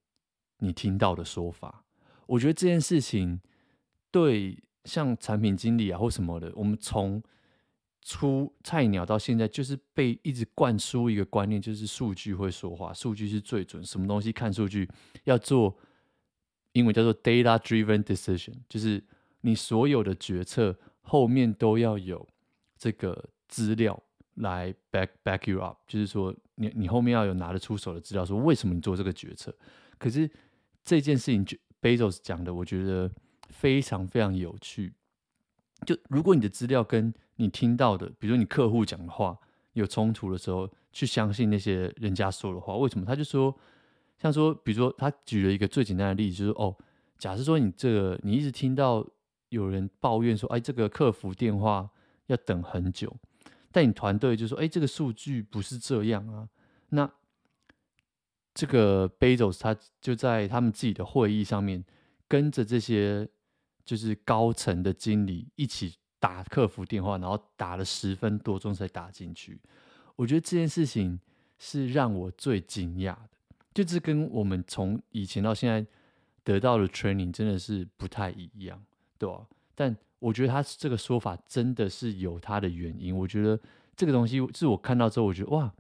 你聽到的說法。我覺得這件事情對像產品經理啊或什麼的，我們從出菜鳥到現在，就是被一直灌輸一個觀念，就是數據會說話，數據是最準，什麼東西看數據，要做英文叫做 data driven decision，就是。你所有的決策後面都要有這個資料來 back back you up，就是說你你後面要有拿得出手的資料，說為什麼你做這個決策。可是這件事情 Bezos 講的，我覺得非常非常有趣。就如果你的資料跟你聽到的，比如說你客戶講的話有衝突的時候，去相信那些人家說的話，為什麼？他就說，像說，比如說他舉了一個最簡單的例子，就是哦，假設說你這個你一直聽到。有人抱怨說：“哎，這個客服電話要等很久。”但你團隊就說：“哎，這個數據不是這樣啊。那”那這個 Bezos 他就在他們自己的會議上面，跟着這些就是高層的經理一起打客服電話，然後打了十分多鐘才打進去。我覺得這件事情是讓我最驚訝的，就是跟我們從以前到現在得到的 training 真的是不太一樣。對，但我覺得他這個說法真的是有他的原因。我覺得這個東西是我看到之後，我覺得哇，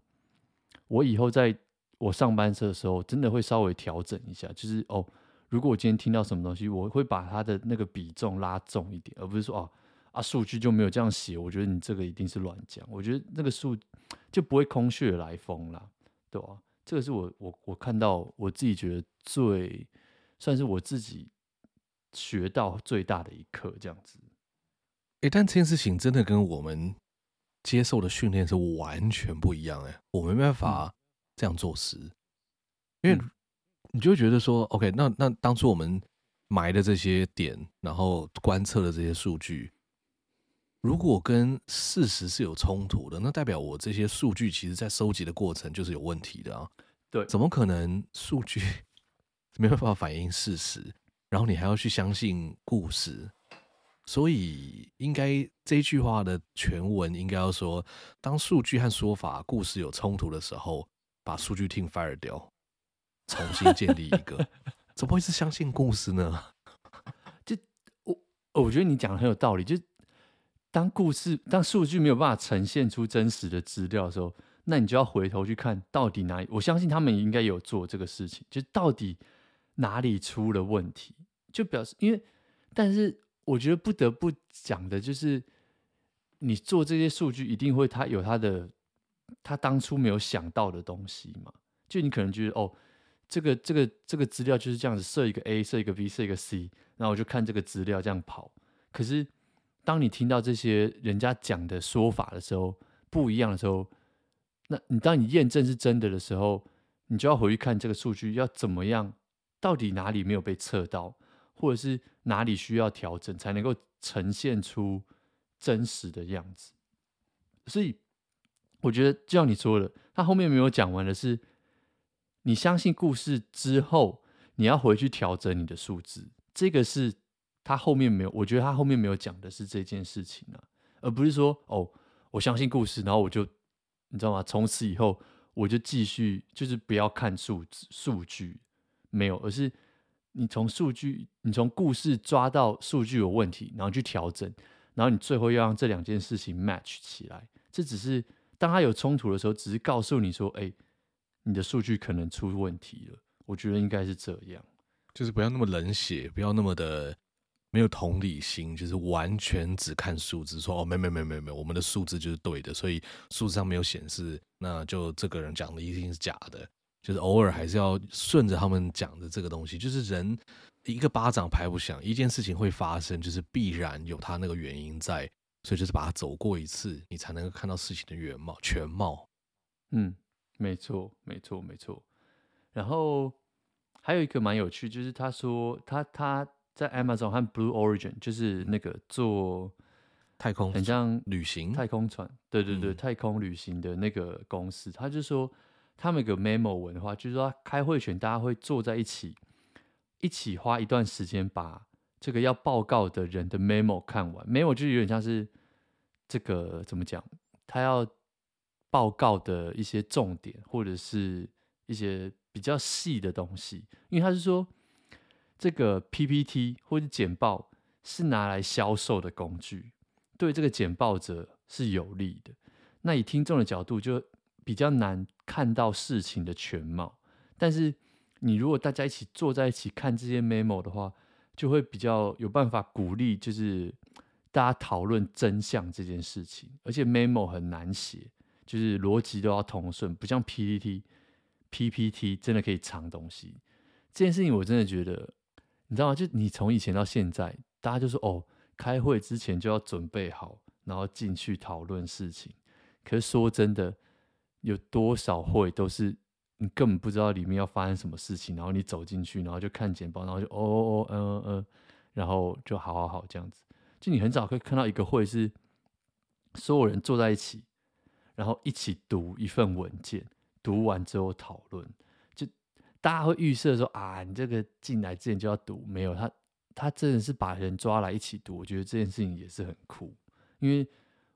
我以後在我上班車的時候，真的會稍微調整一下。就是哦，如果我今天聽到什麼東西，我會把他的那個比重拉重一點，而不是說啊、哦、啊，數據就沒有這樣寫。我覺得你這個一定是亂講。我覺得那個數就不會空穴來風了，對吧？這個是我我我看到我自己覺得最算是我自己。學到最大的一課，這樣子。誒、欸，但這件事情真的跟我們接受的訓練是完全不一樣、欸。誒，我沒辦法這樣做事，嗯、因為你就會覺得說，OK，那那當初我們埋的這些點，然後觀測的這些數據，如果跟事實是有衝突的，那代表我這些數據其實在收集的過程就是有問題的啊。對，怎麼可能數據沒有辦法反映事實？然後你還要去相信故事，所以應該這句話的全文應該要說：當數據和說法、故事有衝突的時候，把數據聽 fire 掉，重新建立一個。 怎麼會是相信故事呢？ 就我我覺得你講的很有道理。就當故事、當數據沒有辦法呈現出真實的資料的時候，那你就要回頭去看到底哪裡？我相信他們應該有做這個事情，就到底哪裡出了問題？就表示，因為但是我覺得不得不講的就是，你做這些數據一定會他有他的，他當初沒有想到的東西嘛。就你可能覺得哦，這個這個這個資料就是這樣子設一個 A 設一個 B 設一個 C，然後我就看這個資料這樣跑。可是當你聽到這些人家講的說法的時候不一樣的時候，那你當你驗證是真的的時候，你就要回去看這個數據要怎麼樣，到底哪裡沒有被測到。或者是哪裡需要調整，才能夠呈現出真實的樣子。所以，我覺得就像你說的，他後面沒有講完的是，你相信故事之後，你要回去調整你的數字。這個是他後面沒有，我覺得他後面沒有講的是這件事情啊，而不是說哦，我相信故事，然後我就你知道嗎？從此以後，我就繼續就是不要看數字數據，沒有，而是。你從數據，你從故事抓到數據有問題，然後去調整，然後你最後要讓這兩件事情 match 起來。這只是當他有衝突的時候，只是告訴你說：“哎，你的數據可能出問題了。”我覺得應該是這樣，就是不要那麼冷血，不要那麼的沒有同理心，就是完全只看數字，說：“哦，沒沒沒沒沒，我們的數字就是對的，所以數字上沒有顯示，那就這個人講的一定是假的。”就是偶爾還是要順着他們講的這個東西，就是人一個巴掌拍不響，一件事情會發生，就是必然有他那個原因在，所以就是把它走過一次，你才能夠看到事情的原貌全貌。嗯，沒錯，沒錯，沒錯。然後還有一個蠻有趣，就是他說他他在 Amazon 和 Blue Origin，就是那個做太空很像旅行太空船，空對對對，嗯、太空旅行的那個公司，他就說。他們有個 memo 文化，就是說開會前大家會坐在一起，一起花一段時間把這個要報告的人的 memo 看完。memo 就是有點像是這個怎麼講，他要報告的一些重點或者是一些比較細的東西。因為他是說這個 PPT 或者簡報是拿來銷售的工具，對這個簡報者是有利的。那以聽眾的角度就比較難。看到事情的全貌，但是你如果大家一起坐在一起看這些 memo 的話，就會比較有辦法鼓勵，就是大家討論真相這件事情。而且 memo 很難寫，就是邏輯都要通順，不像 PPT，PPT 真的可以藏東西。這件事情我真的覺得，你知道嗎？就你從以前到現在，大家就說哦，開會之前就要準備好，然後進去討論事情。可是說真的。有多少會都是你根本不知道裡面要發生什麼事情，然後你走進去，然後就看簡報，然後就哦哦哦，嗯嗯嗯，然後就好好好這樣子。就你很少可以看到一個會是所有人坐在一起，然後一起讀一份文件，讀完之後討論。就大家會預設說啊，你這個進來之前就要讀。沒有，他他真的是把人抓來一起讀，我覺得這件事情也是很酷，因為。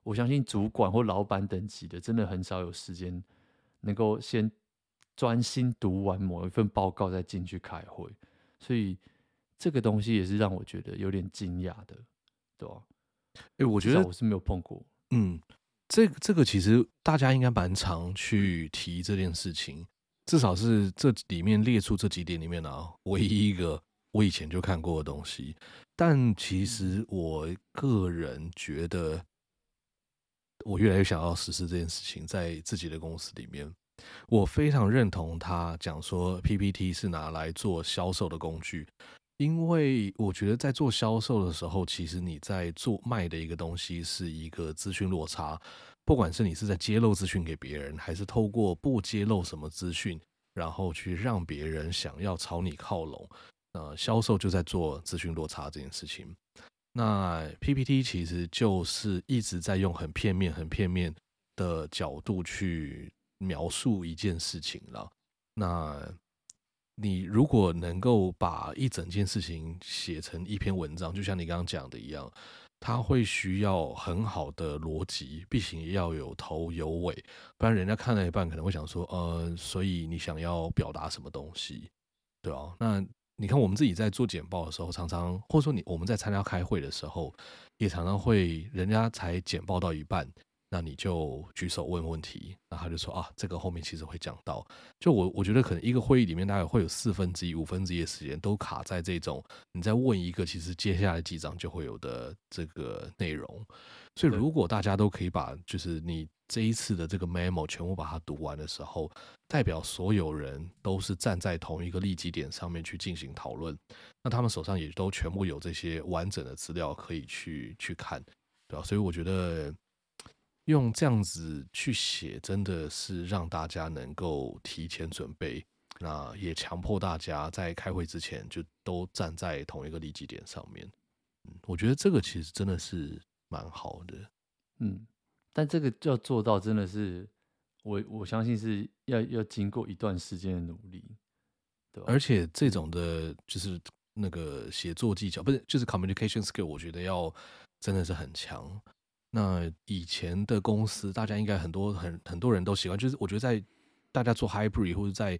我相信主管或老闆等級的，真的很少有時間能夠先專心讀完某一份報告再進去開會，所以這個東西也是讓我覺得有點驚訝的，對吧？哎，我覺得我是沒有碰過、欸。嗯，這個這個其實大家應該蠻常去提這件事情，至少是這裡面列出這幾點裡面啊。唯一一個我以前就看過的東西。但其實我個人覺得。我越來越想要實施這件事情在自己的公司裡面。我非常認同他講說 PPT 是拿來做銷售的工具，因為我覺得在做銷售的時候，其實你在做賣的一個東西是一個資訊落差，不管是你是在揭露資訊給別人，還是透過不揭露什麼資訊，然後去讓別人想要朝你靠攏，呃，銷售就在做資訊落差這件事情。那 PPT 其實就是一直在用很片面、很片面的角度去描述一件事情了。那你如果能夠把一整件事情寫成一篇文章，就像你剛剛講的一樣，它會需要很好的邏輯，畢竟要有頭有尾，不然人家看了一半可能會想說：呃，所以你想要表達什麼東西？對啊，那。你看，我們自己在做簡報的時候，常常或者說你我們在參加開會的時候，也常常會人家才簡報到一半，那你就舉手問問題，然後他就說啊，這個後面其實會講到。就我我覺得可能一個會議裡面大概會有四分之一、五分之一的時間都卡在這種你再問一個，其實接下來幾章就會有的這個內容。所以如果大家都可以把就是你。這一次的這個 memo 全部把它讀完的時候，代表所有人都是站在同一個立基點上面去進行討論。那他們手上也都全部有這些完整的資料可以去去看，對吧？啊？所以我覺得用這樣子去寫，真的是讓大家能夠提前準備。那也強迫大家在開會之前就都站在同一個立基點上面。嗯，我覺得這個其實真的是蠻好的。嗯。但這個要做到真的是我，我我相信是要要經過一段時間的努力，對吧？而且這種的，就是那個寫作技巧，不是就是 communication skill，我覺得要真的是很強。那以前的公司，大家應該很多很很多人都習慣，就是我覺得在大家做 hybrid 或者在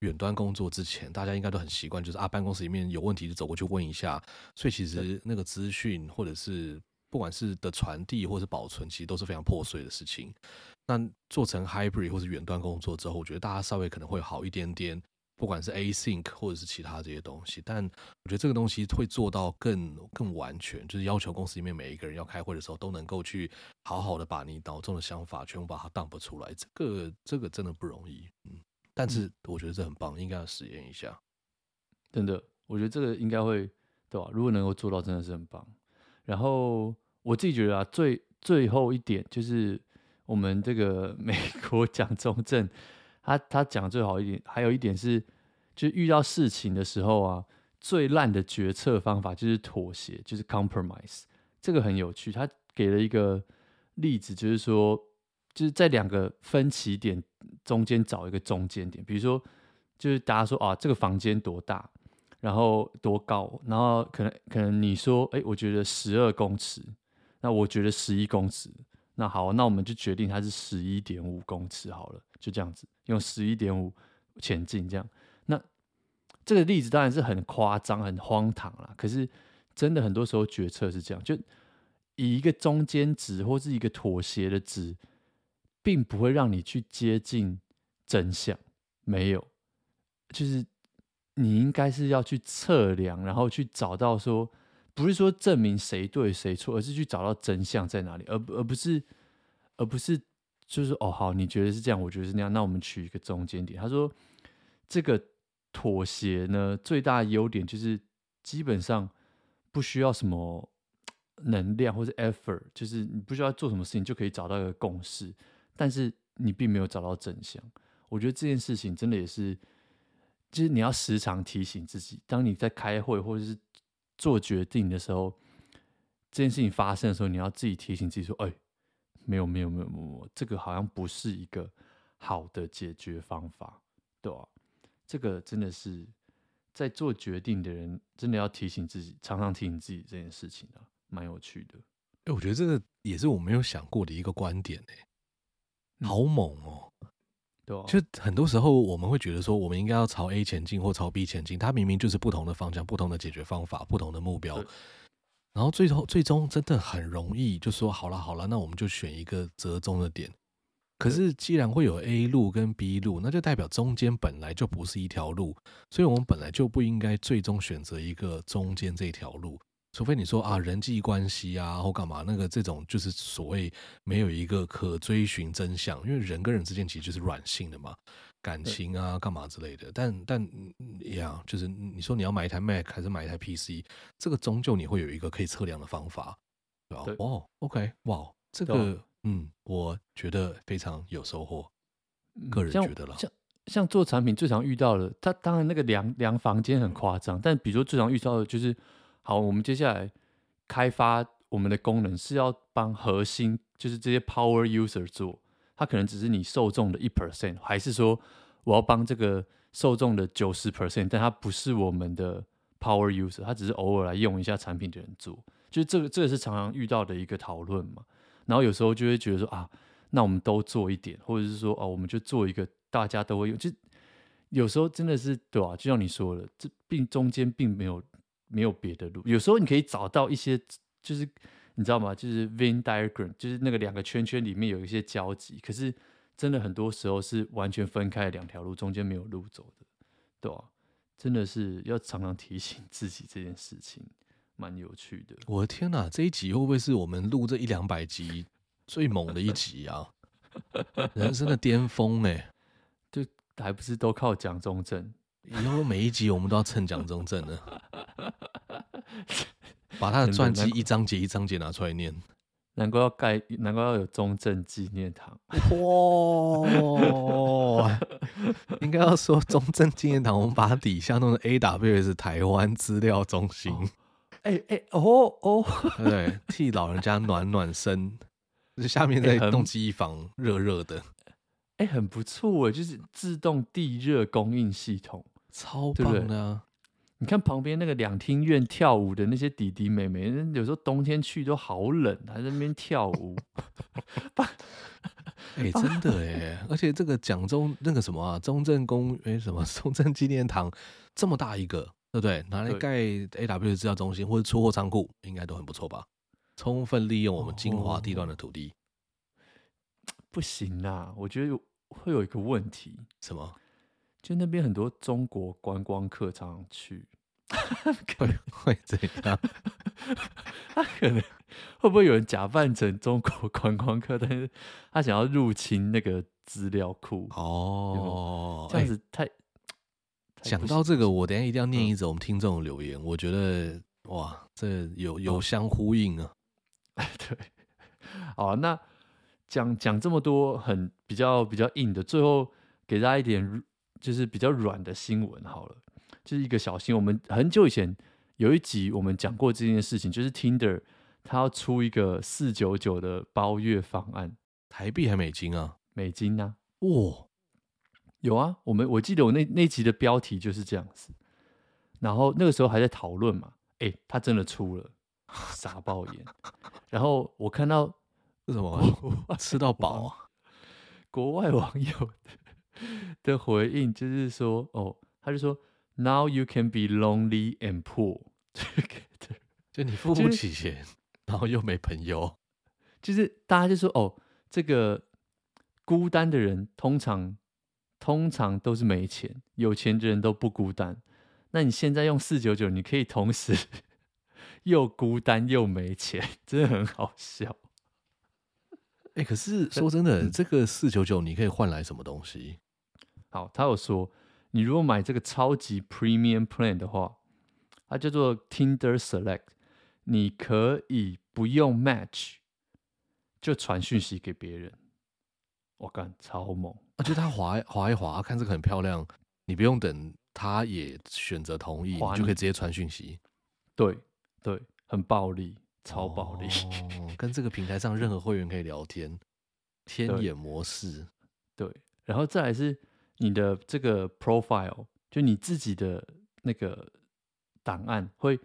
遠端工作之前，大家應該都很習慣，就是啊辦公室裡面有問題就走過去問一下。所以其實那個資訊或者是。不管是的傳遞或是保存，其實都是非常破碎的事情。那做成 hybrid 或是遠端工作之後，我覺得大家稍微可能會好一點點。不管是 async 或者是其他這些東西，但我覺得這個東西會做到更更完全，就是要求公司裡面每一個人要開會的時候都能夠去好好的把你腦中的想法全部把它 dump 出來。這個這個真的不容易，嗯。但是我覺得這很棒，嗯、應該要實驗一下。真的，我覺得這個應該會，對吧？如果能夠做到，真的是很棒。然後。我自己覺得啊，最最後一點就是我們這個美國講中正，他他講最好一點，還有一點是，就是遇到事情的時候啊，最爛的決策方法就是妥協，就是 compromise。這個很有趣，他給了一個例子，就是說，就是在兩個分歧點中間找一個中間點。比如說，就是大家說啊，這個房間多大，然後多高，然後可能可能你說，哎，我覺得十二公尺。那我覺得十一公尺，那好，那我們就決定它是十一點五公尺好了，就這樣子用十一點五前進這樣。那這個例子當然是很誇張、很荒唐了，可是真的很多時候決策是這樣，就以一個中間值或是一個妥協的值，並不會讓你去接近真相。沒有，就是你應該是要去測量，然後去找到說。不是說證明誰對誰錯，而是去找到真相在哪裡，而而不是，而不是就是哦，好，你覺得是這樣，我覺得是那樣，那我們取一個中間點。他說，這個妥協呢，最大的優點就是基本上不需要什麼能量或者 effort，就是你不需要做什麼事情就可以找到一個共識，但是你並沒有找到真相。我覺得這件事情真的也是，就是你要時常提醒自己，當你在開會或者是。做決定的時候，這件事情發生的時候，你要自己提醒自己說：“哎，沒有沒有沒有沒有，這個好像不是一個好的解決方法，對吧？”這個真的是在做決定的人真的要提醒自己，常常提醒自己這件事情啊，蠻有趣的。哎，我覺得這個也是我沒有想過的一個觀點欸，哎，好猛哦！就很多時候我們會覺得說，我們應該要朝 A 前進或朝 B 前進，它明明就是不同的方向、不同的解決方法、不同的目標。對然後最後最終真的很容易就說，好了好了，那我們就選一個折中的點。可是既然會有 A 路跟 B 路，那就代表中間本來就不是一條路，所以我們本來就不應該最終選擇一個中間這條路。除非你說啊人際關係啊或幹嘛，那個這種就是所謂沒有一個可追尋真相，因為人跟人之間其實就是軟性的嘛，感情啊幹嘛之類的。但但一樣、啊、就是你說你要買一台 Mac 還是買一台 PC，這個終究你會有一個可以測量的方法，對吧？哇，OK，哇、wow，這個嗯，我覺得非常有收穫，個人覺得啦、嗯。像像，像做產品最常遇到的，它當然那個量量房間很誇張，但比如說最常遇到的就是。好，我們接下來開發我們的功能是要幫核心，就是這些 power user 做，他可能只是你受眾的一 percent，還是說我要幫這個受眾的九十 percent，但他不是我們的 power user，他只是偶爾來用一下產品的人做，就是這個，這個是常常遇到的一個討論嘛。然後有時候就會覺得說啊，那我們都做一點，或者是說哦、啊，我們就做一個大家都會用，就有時候真的是對吧、啊？就像你說的，這並中間並沒有。沒有別的路，有時候你可以找到一些，就是你知道嗎？就是 Venn diagram，就是那個兩個圈圈裡面有一些交集。可是真的很多時候是完全分開兩條路，中間沒有路走的，對啊，真的是要常常提醒自己這件事情，蠻有趣的。我的天哪，這一集會不會是我們錄這一兩百集最猛的一集啊？ 人生的巔峰呢，欸，就還不是都靠蔣中正。以後每一集我們都要蹭蔣中正的，把他的傳記一章節一章節拿出來念。難怪要蓋，難怪要有中正紀念堂。哇，應該要說中正紀念堂，我們把它底下弄成 AWS 台灣資料中心。哎哎，哦哦，對，替老人家暖暖身，就下面那個動機房熱熱的。哎，很不錯誒，就是自動地熱供應系統。超棒的，啊對對！你看旁邊那個兩廳院跳舞的那些弟弟妹妹，有時候冬天去都好冷，啊，還在那邊跳舞。哎， 欸，真的哎！而且這個蔣中那個什麼啊，中正公園、欸、什麼中正紀念堂這麼大一個，對不對？拿來蓋 A W 製造中心對或者出貨倉庫，應該都很不錯吧？充分利用我們精華地段的土地，哦、不行啦，我覺得有會有一個問題，什麼？就那邊很多中國觀光客常常去，可能會怎樣？他、 啊、可能會不會有人假扮成中國觀光客，但是他想要入侵那個資料庫哦，有沒有。這樣子太講、欸、到這個，我等一下一定要念一則、嗯、我們聽眾的留言。我覺得哇，這有有相呼應啊。哦、 對，哦，那講講這麼多很比較比較硬的，最後給大家一點。就是比較軟的新聞好了，就是一個小新聞。我們很久以前有一集，我們講過這件事情，就是 Tinder 他要出一個四九九的包月方案，台幣還是美金啊？美金啊？哇、哦，有啊！我們我記得我那那集的標題就是這樣子，然後那個時候還在討論嘛。哎、欸，他真的出了，傻爆眼。 然後我看到是什麼、啊？哇吃到飽、啊？國外網友的回應就是說：“哦，他就說，Now you can be lonely and poor together 就你付不起錢，就是、然後又沒朋友。就是大家就說：哦，這個孤單的人通常通常都是沒錢，有錢的人都不孤單。那你現在用四九九，你可以同時又孤單又沒錢，真的很好笑。哎、欸，可是說真的，但這個四九九你可以換來什麼東西？”好，他有說，你如果買這個超級 premium plan 的話，它叫做 Tinder Select，你可以不用 match 就傳訊息給別人。我幹，超猛！而且、啊、他滑滑一滑，看這個很漂亮，你不用等他也選擇同意，你就可以直接傳訊息。對對，很暴力，超暴力，哦，跟這個平台上任何會員可以聊天。 天眼模式。對，對，然後再來是，你的這個 profile，就你自己的那個檔案會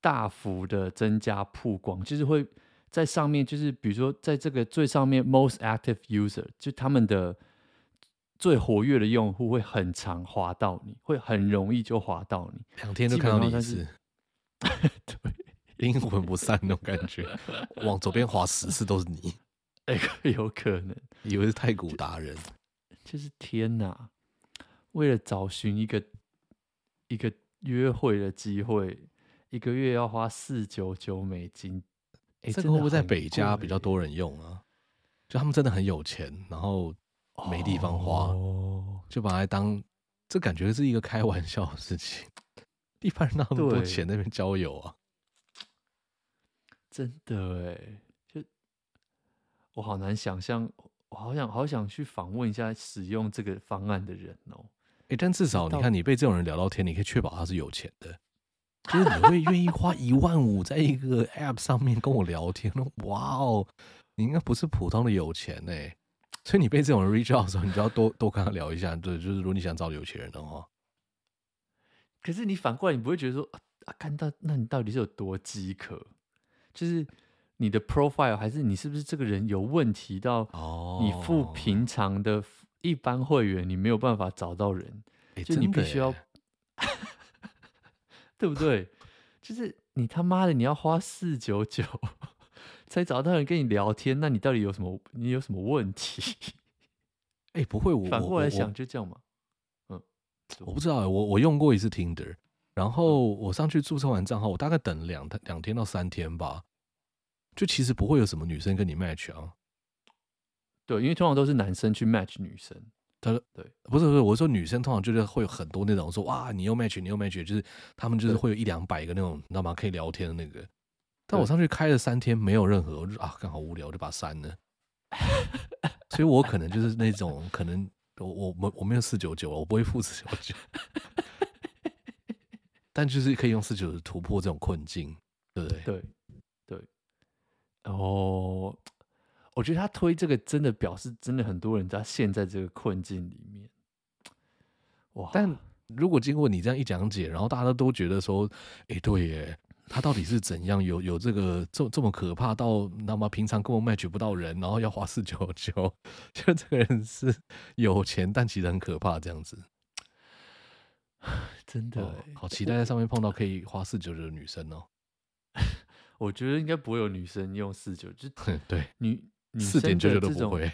大幅的增加曝光，就是會在上面，就是比如說在這個最上面 most active user，就他們的最活躍的用戶會很常劃到你，你會很容易就劃到你，兩天就看到你一次，是事 對，陰魂不散那種感覺， 往左邊滑十次都是你。哎、欸，有可能，以為是太鼓達人就，就是天哪！為了找尋一個一個約會的機會，一個月要花四九九美金。這個會不會在北加比較多人用啊？欸欸、就他們真的很有錢，然後沒地方花，哦、就把它當、哦、這感覺是一個開玩笑的事情。一 般人哪有那麼多對錢在那邊交友啊？真的哎、欸，就我好難想象，我好想好想去訪問一下使用這個方案的人哦。誒，但至少你看，你被這種人聊到天，你可以確保他是有錢的。就是你會願意花一萬五在一個 App 上面跟我聊天嗎？ 哇哦，你應該不是普通的有錢呢。所以你被這種人 reach out 的時候，你就要多多跟他聊一下。對，就是如果你想找有錢人的話，可是你反過來，你不會覺得說啊，看到那你到底是有多飢渴？就是你的 profile 還是你是不是這個人有問題到你付平常的。一般會員你沒有辦法找到人，欸、就你必須要，的 對不對？ 就是你他媽的你要花四九九才找到人跟你聊天，那你到底有什麼？你有什麼問題？哎、欸，不會，我反過來想，就這樣嘛。嗯，我不知道，我我用過一次 Tinder，然後我上去註冊完賬號，我大概等兩兩天到三天吧，就其實不會有什麼女生跟你 match 啊。對，因為通常都是男生去 match 女生，他說。對，不是不是，我說女生通常就是會有很多那種說，哇，你又 match，你又 match，就是他們就是會有一兩百個那種，對你知道嗎？可以聊天的那個。但我上去開了三天，對沒有任何，我就啊，剛好無聊，我就把它刪了。 所以我可能就是那種，可能我我我我沒有四九九，我不會付四九九，但就是可以用四九九突破這種困境，對不對？對對，然後。哦我覺得他推這個真的表示真的很多人在陷在這個困境裡面，哇！但如果經過你這樣一講解，然後大家都覺得說，哎、欸，對耶，他到底是怎樣？有有這個這這麼可怕到那麼平常跟我 match 不到人，然後要花四九九，就這個人是有錢，但其實很可怕這樣子。真的、哦，好期待在上面碰到可以花四九九的女生哦。我覺得應該不會有女生用四九九，對女。四點九九的不會，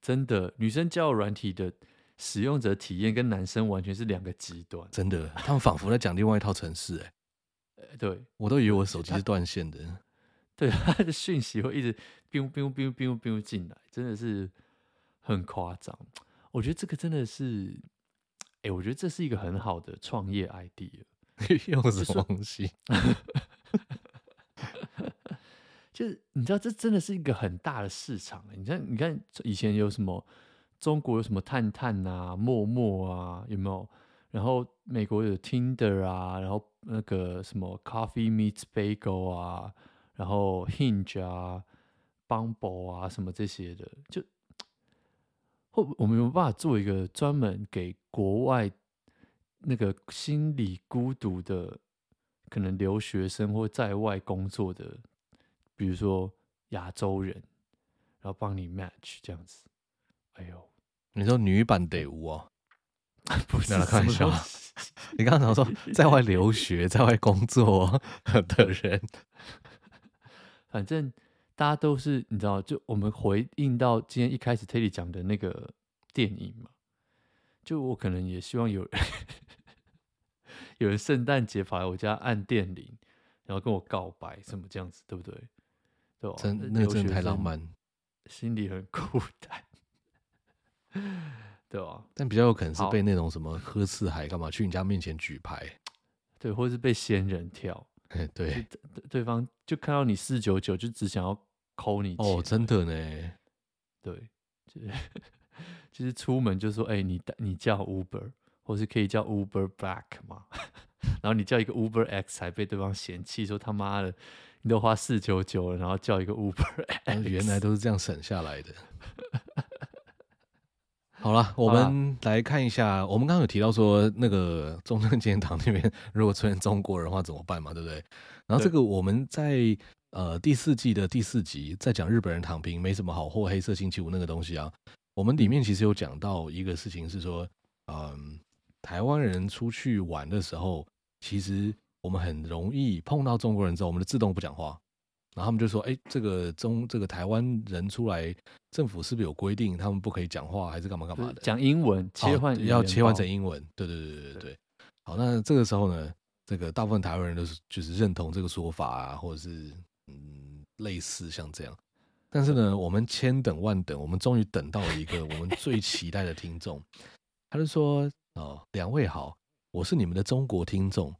真的女生交友軟體的使用者體驗跟男生完全是兩個極端，真的，他們仿佛在講另外一套程式，哎，對，我都以為我手機是斷線的，對，他的訊息會一直嗶嗶嗶嗶嗶進來，真的是很誇張，我覺得這個真的是，哎、欸，我覺得這是一個很好的創業 idea，用什麼東西。 就是你知道，這真的是一個很大的市場。你看，你看以前有什麼中國有什麼探探啊、陌陌啊，有沒有？然後美國有 Tinder 啊，然後那個什麼 Coffee Meets Bagel 啊，然後 Hinge 啊、Bumble 啊什麼這些的，就，或我們有沒有辦法做一個專門給國外那個心理孤獨的，可能留學生或在外工作的。比如說亞洲人，然後幫你 match 這樣子，哎呦，你說女版得物啊？不是，開玩笑。你剛剛講說在外留學、 在外工作的人，反正大家都是你知道，就我們回應到今天一開始 Terry 講的那個電影嘛，就我可能也希望有人 有人聖誕節跑來我家按電鈴，然後跟我告白什麼這樣子，對不對？哦、真那個真的太浪漫，心裡很孤單， 對吧、哦？但比較有可能是被那種什麼喝斥還幹嘛好去你家面前舉牌，對，或者是被仙人跳、欸對，對，對方就看到你四九九就只想要摳你錢哦，對真的呢，對，就是 就是出門就說哎、欸，你你叫 Uber，或是可以叫 Uber Black 嘛， 然後你叫一個 Uber X 還被對方嫌棄說他媽的。都花四九九，然後叫一個 Uber，原來都是這樣省下來的。 好了，我們來看一下，啦我們剛剛有提到說，那個中正紀念堂那邊如果出現中國人的話怎麼辦嘛，對不對？然後這個我們在對呃第四季的第四集在講日本人躺平沒什麼好貨，黑色星期五那個東西啊，我們裡面其實有講到一個事情是說，嗯、呃，台灣人出去玩的時候其實。我們很容易碰到中國人之後，我們就自動不講話，然後他們就說：“哎、欸，這個中這個台灣人出來，政府是不是有規定他們不可以講話，還是幹嘛幹嘛的？”講英文，切換、哦、要切換成英文。對對對對對對。好，那這個時候呢，這個大部分台灣人都是就是認同這個說法啊，或者是嗯類似像這樣。但是呢，對我們千等萬等，我們終於等到了一個我們最期待的聽眾， 他就說：“哦，兩位好，我是你們的中國聽眾。”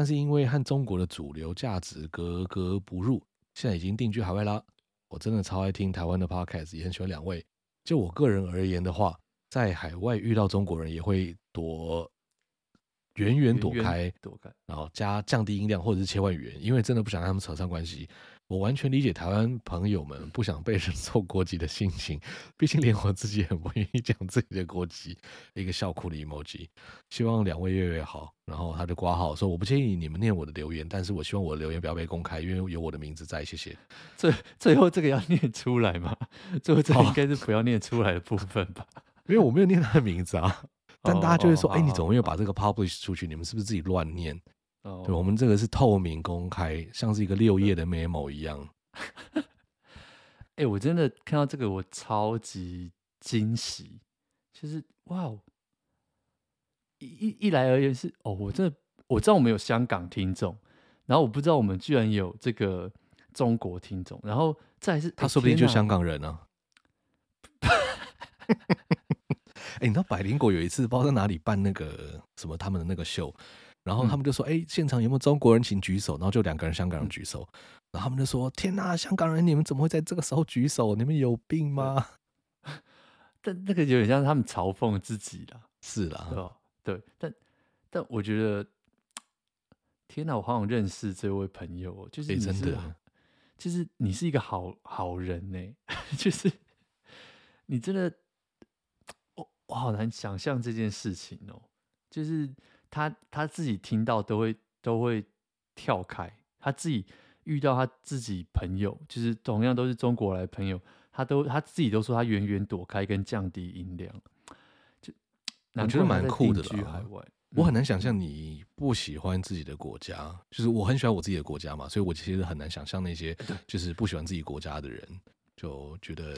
但是因為和中國的主流價值格格不入，現在已經定居海外啦。我真的超愛聽台灣的 podcast，也很喜歡兩位。就我個人而言的話，在海外遇到中國人也會躲，遠遠躲開，遠遠躲開，然後加降低音量或者是切換語言，因為真的不想讓他們扯上關係。我完全理解台灣朋友們不想被人做國籍的心情，畢竟連我自己也很不願意講自己的國籍。一個笑哭的 emoji，希望兩位越來越好。然後他就掛號說：“我不建議你們念我的留言，但是我希望我的留言不要被公開，因為有我的名字在。”謝謝。最後這個要念出來嗎？最後這個應該是不要念出來的部分吧？因為我沒有念他的名字啊，但大家就會說：“哎，你怎麼沒有把這個 publish 出去？你們是不是自己亂念？” Oh, 對，我們這個是透明公開，像是一個六頁的 memo 一樣。哎、欸，我真的看到這個，我超級驚喜。其、就、實、是，哇、wow，一一一來而言是哦，我真的我知道我們有香港聽眾，然後我不知道我們居然有這個中國聽眾，然後再是他說不定就香港人呢、啊。哎、欸 欸，你知道百靈果有一次不知道在哪裡辦那個什麼他們的那個秀？然後他們就說：“哎、嗯，現場有沒有中國人，請舉手。”然後就兩個人香港人舉手。嗯、然後他們就說：“天哪，香港人，你們怎麼會在這個時候舉手？你們有病嗎？”嗯、但那個有點像他們嘲諷自己了。是啦對，對，但但我覺得，天哪，我好像認識這位朋友、哦，就是，是、欸、真的，就是你是一個好好人呢、欸，就是你真的，我我好難想象這件事情哦，就是。他他自己聽到都會都會跳開，他自己遇到他自己朋友，就是同樣都是中國來朋友，他都他自己都說他遠遠躲開跟降低音量。就我覺得蠻酷的了，海外我很難想象你不喜歡自己的國家，就是我很喜歡我自己的國家嘛，所以我其實很難想象那些就是不喜歡自己國家的人，就覺得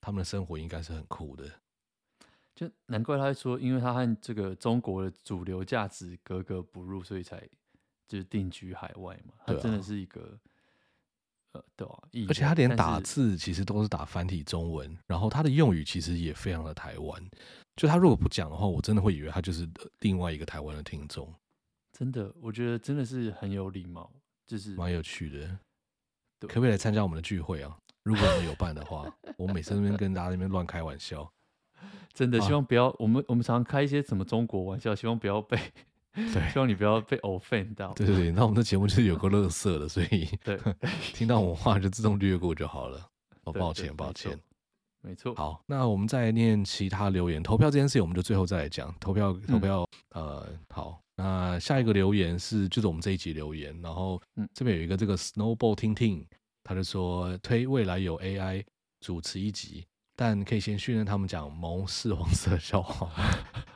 他們的生活應該是很酷的。就難怪他說，因為他和這個中國的主流價值格格不入，所以才就是定居海外嘛。他真的是一個、呃，對啊，對啊，而且他連打字其實都是打繁體中文，然後他的用語其實也非常的台灣。就他如果不講的話，我真的會以為他就是另外一個台灣的聽眾。真的，我覺得真的是很有禮貌，就是蠻有趣的。可不可以來參加我們的聚會啊？如果你們有辦的話，我每次那邊跟大家在那邊亂開玩笑。真的希望不要，啊、我們我們常常開一些什麼中國玩笑，希望不要被，對，希望你不要被 offend 到。對對對，那我們的節目就是有個樂色的， 所以對，聽到我話就自動略過就好了。哦、對對抱歉，對對抱歉沒，沒錯。好，那我們再念其他留言，投票這件事情我們就最後再來講。投票投票，嗯、呃，好，那下一個留言是就是我們這一集留言，然後這邊有一個這個 Snowball Tingting 他就說，推未來有 AI 主持一集。但可以先訓練他們講某些黃色的笑話，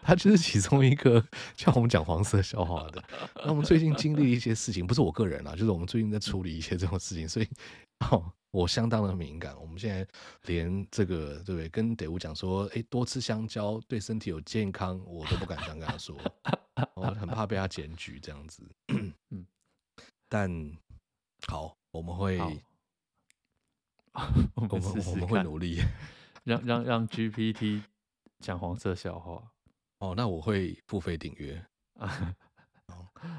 他就是其中一個叫我們講黃色笑話的。那我們最近經歷一些事情，不是我個人啦，就是我們最近在處理一些這種事情，所以、哦、我相當的敏感。我們現在連這個對不對？跟德吾講說，哎、欸，多吃香蕉對身體有健康，我都不敢這樣跟他說，我、哦、很怕被他檢舉這樣子。嗯、但好，我們會，我好 我們，試試我，們我們會努力。讓讓讓 GPT 講黃色笑話哦，那我會付費訂閱啊。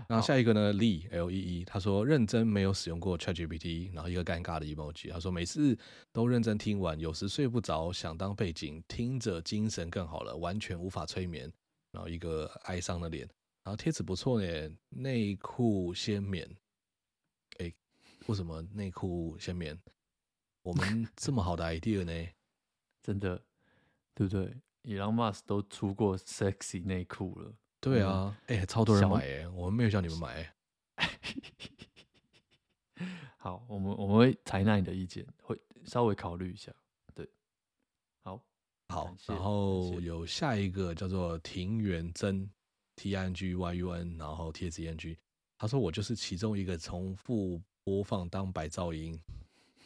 那下一個呢好？Lee L E E，他說認真沒有使用過 ChatGPT，然後一個尷尬的 emoji。他說每次都認真聽完，有時睡不着，想當背景聽着，精神更好了，完全無法催眠。然後一個哀傷的臉。然後貼紙不錯呢，內褲先免。哎、欸，為什麼內褲先免？我們這麼好的 idea 呢？ 真的，對不對？Elon Musk 都出過 sexy 內褲了。對啊，哎、嗯欸，超多人買哎、欸，小我們沒有叫你們買，欸。 好，我們我們會採納你的意見，會稍微考慮一下。對，好，好。謝謝然後有下一個叫做庭元真，T I N G Y U N，然後 T S E N G。他說，我就是其中一個重複播放當白噪音，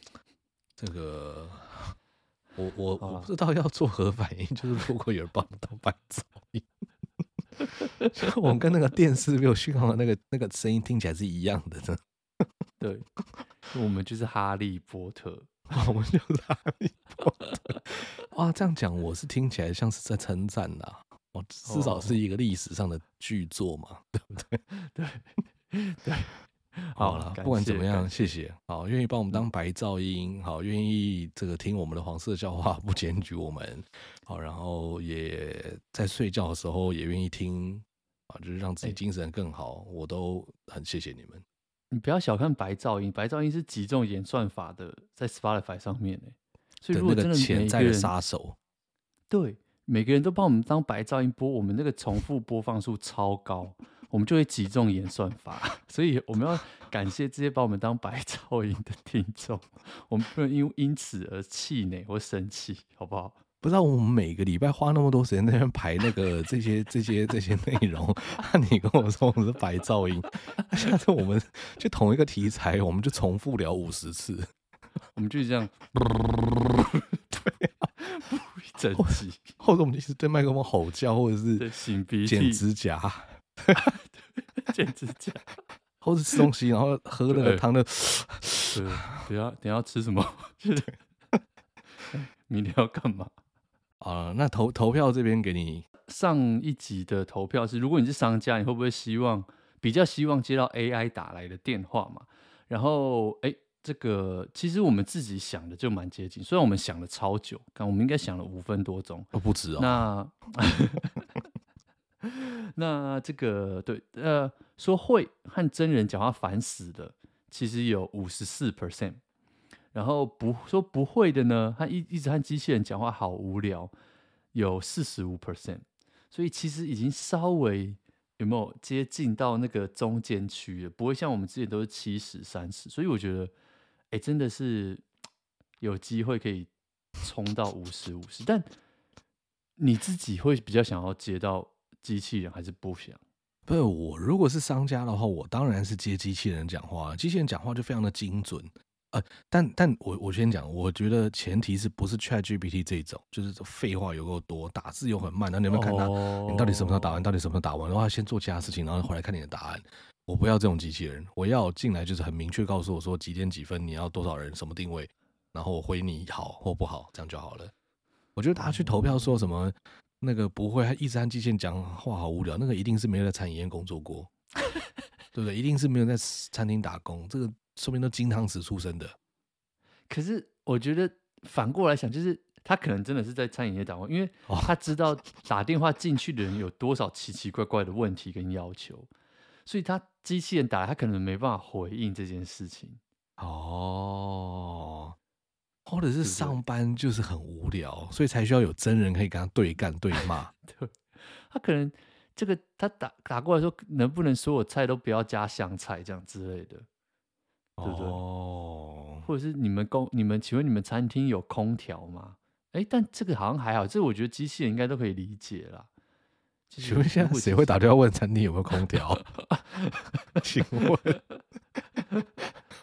這個。我我我不知道要做何反應，哦、就是如果有人把我們當白噪音 我們跟那個電視沒有訊號的那個那個聲音聽起來是一樣的真的。對，我們就是《哈利波特》哦，我們就是《哈利波特。》 哇、啊，這樣講我是聽起來像是在稱讚的哦、啊，至少是一個歷史上的巨作嘛，哦、對不對？對對。好了，謝不管怎麼樣，謝，謝謝。好，願意幫我們當白噪音，好，願意這個聽我們的黃色笑話不檢舉我們，好，然後也在睡覺的時候也願意聽，啊，就是讓自己精神更好，欸、我都很謝謝你們。你不要小看白噪音，白噪音是幾種演算法的，在 Spotify 上面呢，所以如果真的潛在殺手，對，每個人都幫我們當白噪音播，我們那個重複播放數超高。 我們就會集中演算法，所以我們要感謝這些把我們當白噪音的聽眾。我們不能因因此而氣餒或生氣，好不好？不知道我們每個禮拜花那麼多時間在那邊排那個這些 這些這些內容， 啊、你跟我說我是白噪音。下次我們就同一個題材，我們就重複聊五十次。 我們就是這樣 對、啊，不整集或者我們就一直對麥克風吼叫，或者是擤鼻、剪指甲。 剪指甲， 或吃東西，然後喝那個湯的對 啊。等下等下吃什麼？明、就、天、是、對 要幹嘛？啊，uh, 那投投票這邊給你上一集的投票是，如果你是商家，你會不會希望比較希望接到 AI 打來的電話嘛？然後，哎、欸，這個其實我們自己想的就蠻接近，雖然我們想了超久，但我們應該想了五分多鐘，都不止哦。那。 那這個對呃說會和真人講話煩死了，其實有五十四 percent 然後不說不會的呢，他一一直和機器人講話好無聊有45，有四十五 percent，所以其實已經稍微有沒有接近到那個中間區了，不會像我們之前都是七十三十，所以我覺得哎、欸、真的是有機會可以衝到五十五十，但你自己會比較想要接到。機器人還是、啊、不想。不是。我如果是商家的話，我當然是接機器人講話。機器人講話就非常的精準。呃，但但我我先講，我覺得前提是不是 ChatGPT 這一種，就是廢話有夠多，打字又很慢。那你有沒有看他，哦、你到底什麼時候打完？到底什麼時候打完的話，然後先做其他事情，然後回來看你的答案。我不要這種機器人，我要進來就是很明確告訴我說幾點幾分，你要多少人，什麼定位，然後我回你好或不好，這樣就好了。我覺得大家去投票說什麼？那個不會，他一直按機器人講話好無聊。那個一定是沒有在餐飲業工作過， 對不對？一定是沒有在餐廳打工，這個說明都金湯匙出身的。可是我覺得反過來想，就是他可能真的是在餐飲業打工，因為他知道打電話進去的人有多少奇奇怪怪的問題跟要求，所以他機器人打來，他可能沒辦法回應這件事情。哦。或者是上班就是很無聊，對對，所以才需要有真人可以跟他對幹對罵。 對，他可能這個他打打過來說，能不能所有菜都不要加香菜這樣之類的，對不對？哦，或者是你們公你們請問你們餐廳有空調嗎？哎，但這個好像還好，這我覺得機器人應該都可以理解啦。請問現在誰會打電話問餐廳有沒有空調？ 請問？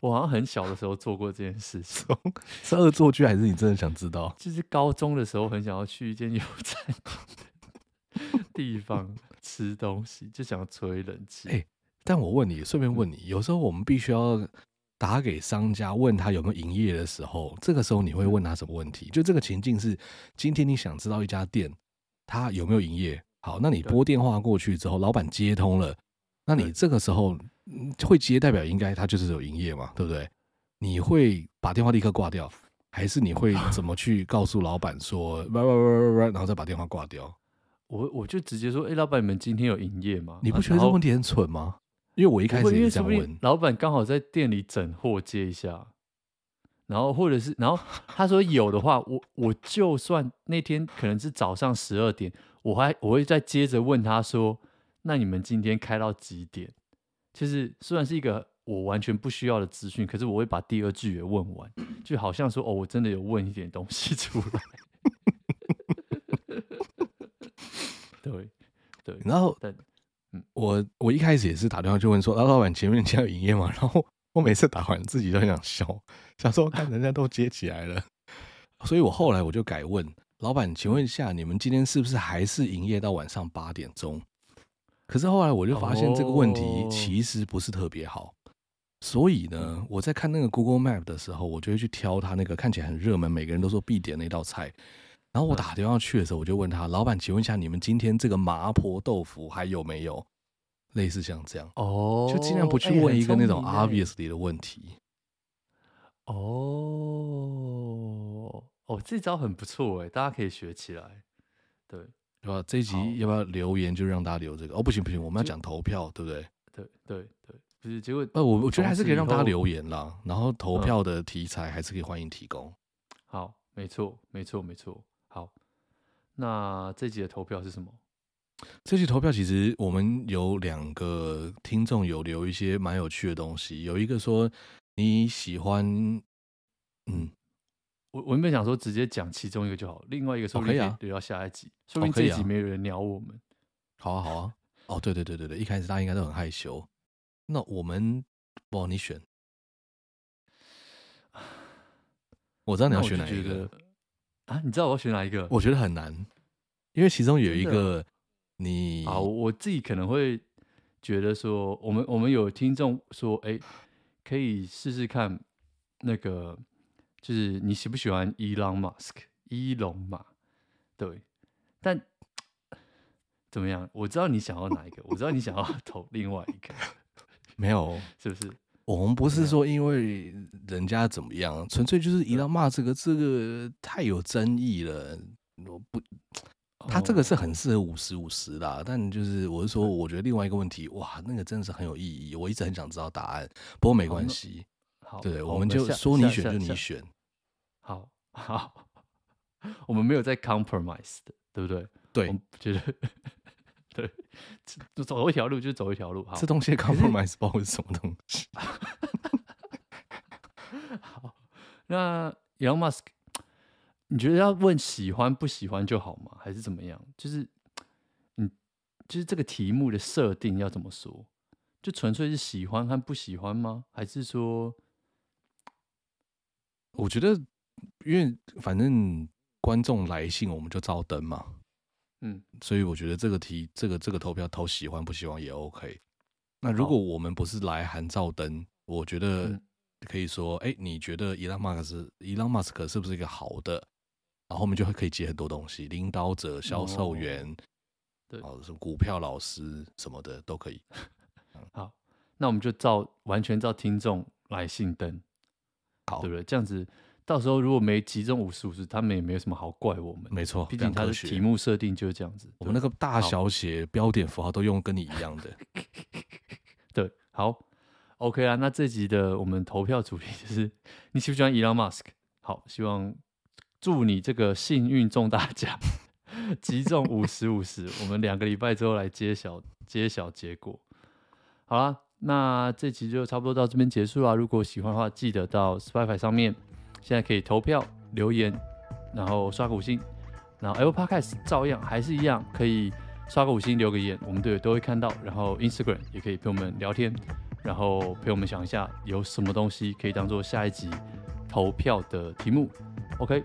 我好像很小的時候做過這件事情， 是惡作劇還是你真的想知道？就是高中的時候，很想要去一間有菜的地方吃東西，就想要吹冷氣。哎、欸，但我問你，順便問你，有時候我們必須要打給商家問他有沒有營業的時候，這個時候你會問他什麼問題？就這個情境是，今天你想知道一家店他有沒有營業，好，那你撥電話過去之後，對老闆接通了，那你這個時候？會接代表應該他就是有營業嘛，對不對？你會把電話立刻掛掉，還是你會怎麼去告訴老板說，喂喂喂喂喂，然後再把電話掛掉？我我就直接說，哎、欸，老板，你們今天有營業嗎？你不覺得這問題很蠢嗎？啊、因為我一開始也這樣問，老板剛好在店裡整貨接一下，然後或者是然後他說有的話，我我就算那天可能是早上十二點，我還我會再接着問他說，那你們今天開到幾點？其實雖然是一個我完全不需要的資訊，可是，我會把第二句也問完，就好像說哦，我真的有問一點東西出來。對 對，對，然後但、嗯、我我一開始也是打電話去問說，老老闆前面現在有營業嗎？然後我每次打完自己都想笑，想說看人家都接起來了。 所以我後來我就改問老闆，請問一下，你們今天是不是還是營業到晚上八點鐘？可是後來我就發現這個問題其實不是特別好，所以呢，我在看那個 Google Map 的時候，我就會去挑他那個看起來很熱門，每個人都說必點那道菜。然後我打電話去的時候，我就問他老板，請問一下，你們今天這個麻婆豆腐還有沒有？類似像這樣哦，就儘量不去問一個那種 obviously 的問題哦、欸。哦，哦，這招很不錯哎，大家可以學起來。對。對吧？這一集要不要留言？就讓大家留這個好哦！不行不行，我們要講投票，結對不對？對對對，不是結果。那、呃、我我覺得還是可以讓大家留言啦。後然後投票的題材還是可以歡迎提供、嗯。好，沒錯，沒錯，沒錯。好，那這集的投票是什麼？這集投票其實我們有兩個聽眾有留一些蠻有趣的東西，有一個說你喜歡，嗯。我我原本想說直接講其中一個就好了，另外一個說不定可以留到 Okay 下一集。說不定這一集沒有人鳥我們。Okay 好啊，好啊。哦，對對對對對，一開始大家應該都很害羞。那我們，哦，你選。我知道你要選哪一個啊？你知道我要選哪一個？我覺得很難，因為其中有一個你。好，我自己可能會覺得說，我們我們有聽眾說，哎，可以試試看那個。就是你喜不喜歡伊隆馬斯克？伊隆馬，對，但怎麼樣？我知道你想要哪一個， 我知道你想要投另外一個， 沒有，是不是？我們不是說因為人家怎麼樣，嗯、純粹就是伊隆馬這個對這個太有爭議了，我不，他這個是很適合五十五十的、啊，但就是我是說，我覺得另外一個問題， 哇，那個真的是很有意義，我一直很想知道答案，不過沒關係。好對，好我們就說你選就你選。好好，我們沒有在 compromise 的，對不對？對，我覺得對，就走一條路就走一條路。好，這東西 compromise 不知道是什麼東西？ 好，那 Elon Musk，你覺得要問喜歡不喜歡就好嗎？還是怎麼樣？就是，嗯，就是這個題目的設定要怎麼說？就純粹是喜歡和不喜歡嗎？還是說？我覺得，因為反正觀眾來信，我們就照登嘛，嗯，所以我覺得這個題，這個這個投票投喜歡不喜歡也 OK。那如果我們不是來函照登，我覺得可以說，哎、嗯，你覺得 Elon Musk，Elon Musk 是不是一個好的？然後我們就會可以接很多東西，領導者、銷售員，嗯、哦哦對，然後股票老師什麼的都可以。 好，那我們就照完全照聽眾來信登好 對不對？這樣子，到時候如果沒集中五十五十，他們也沒有什麼好怪我們。沒錯錯，畢竟他的題目設定就是這樣子。對我們那個大小寫好標點符號都用跟你一樣的。 對，好，OK 啊。那這集的我們投票主題就是你喜不喜歡 Elon Musk。好，希望祝你這個幸運中大獎， 集中五十五十。 我們兩個禮拜之後來揭曉揭曉結果。好啦。那這集就差不多到這邊結束啦、啊。如果喜歡的話，記得到 Spotify 上面，現在可以投票、留言，然後刷個五星，然後 Apple Podcast 照樣還是一樣可以刷個五星、留個言，我們隊友都會看到。然後 Instagram 也可以陪我們聊天，然後陪我們想一下有什麼東西可以當做下一集投票的題目。OK，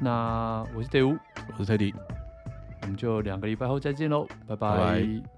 那我是 d 德烏，我是泰迪，我們就兩個禮拜後再見嘍，拜拜。拜拜。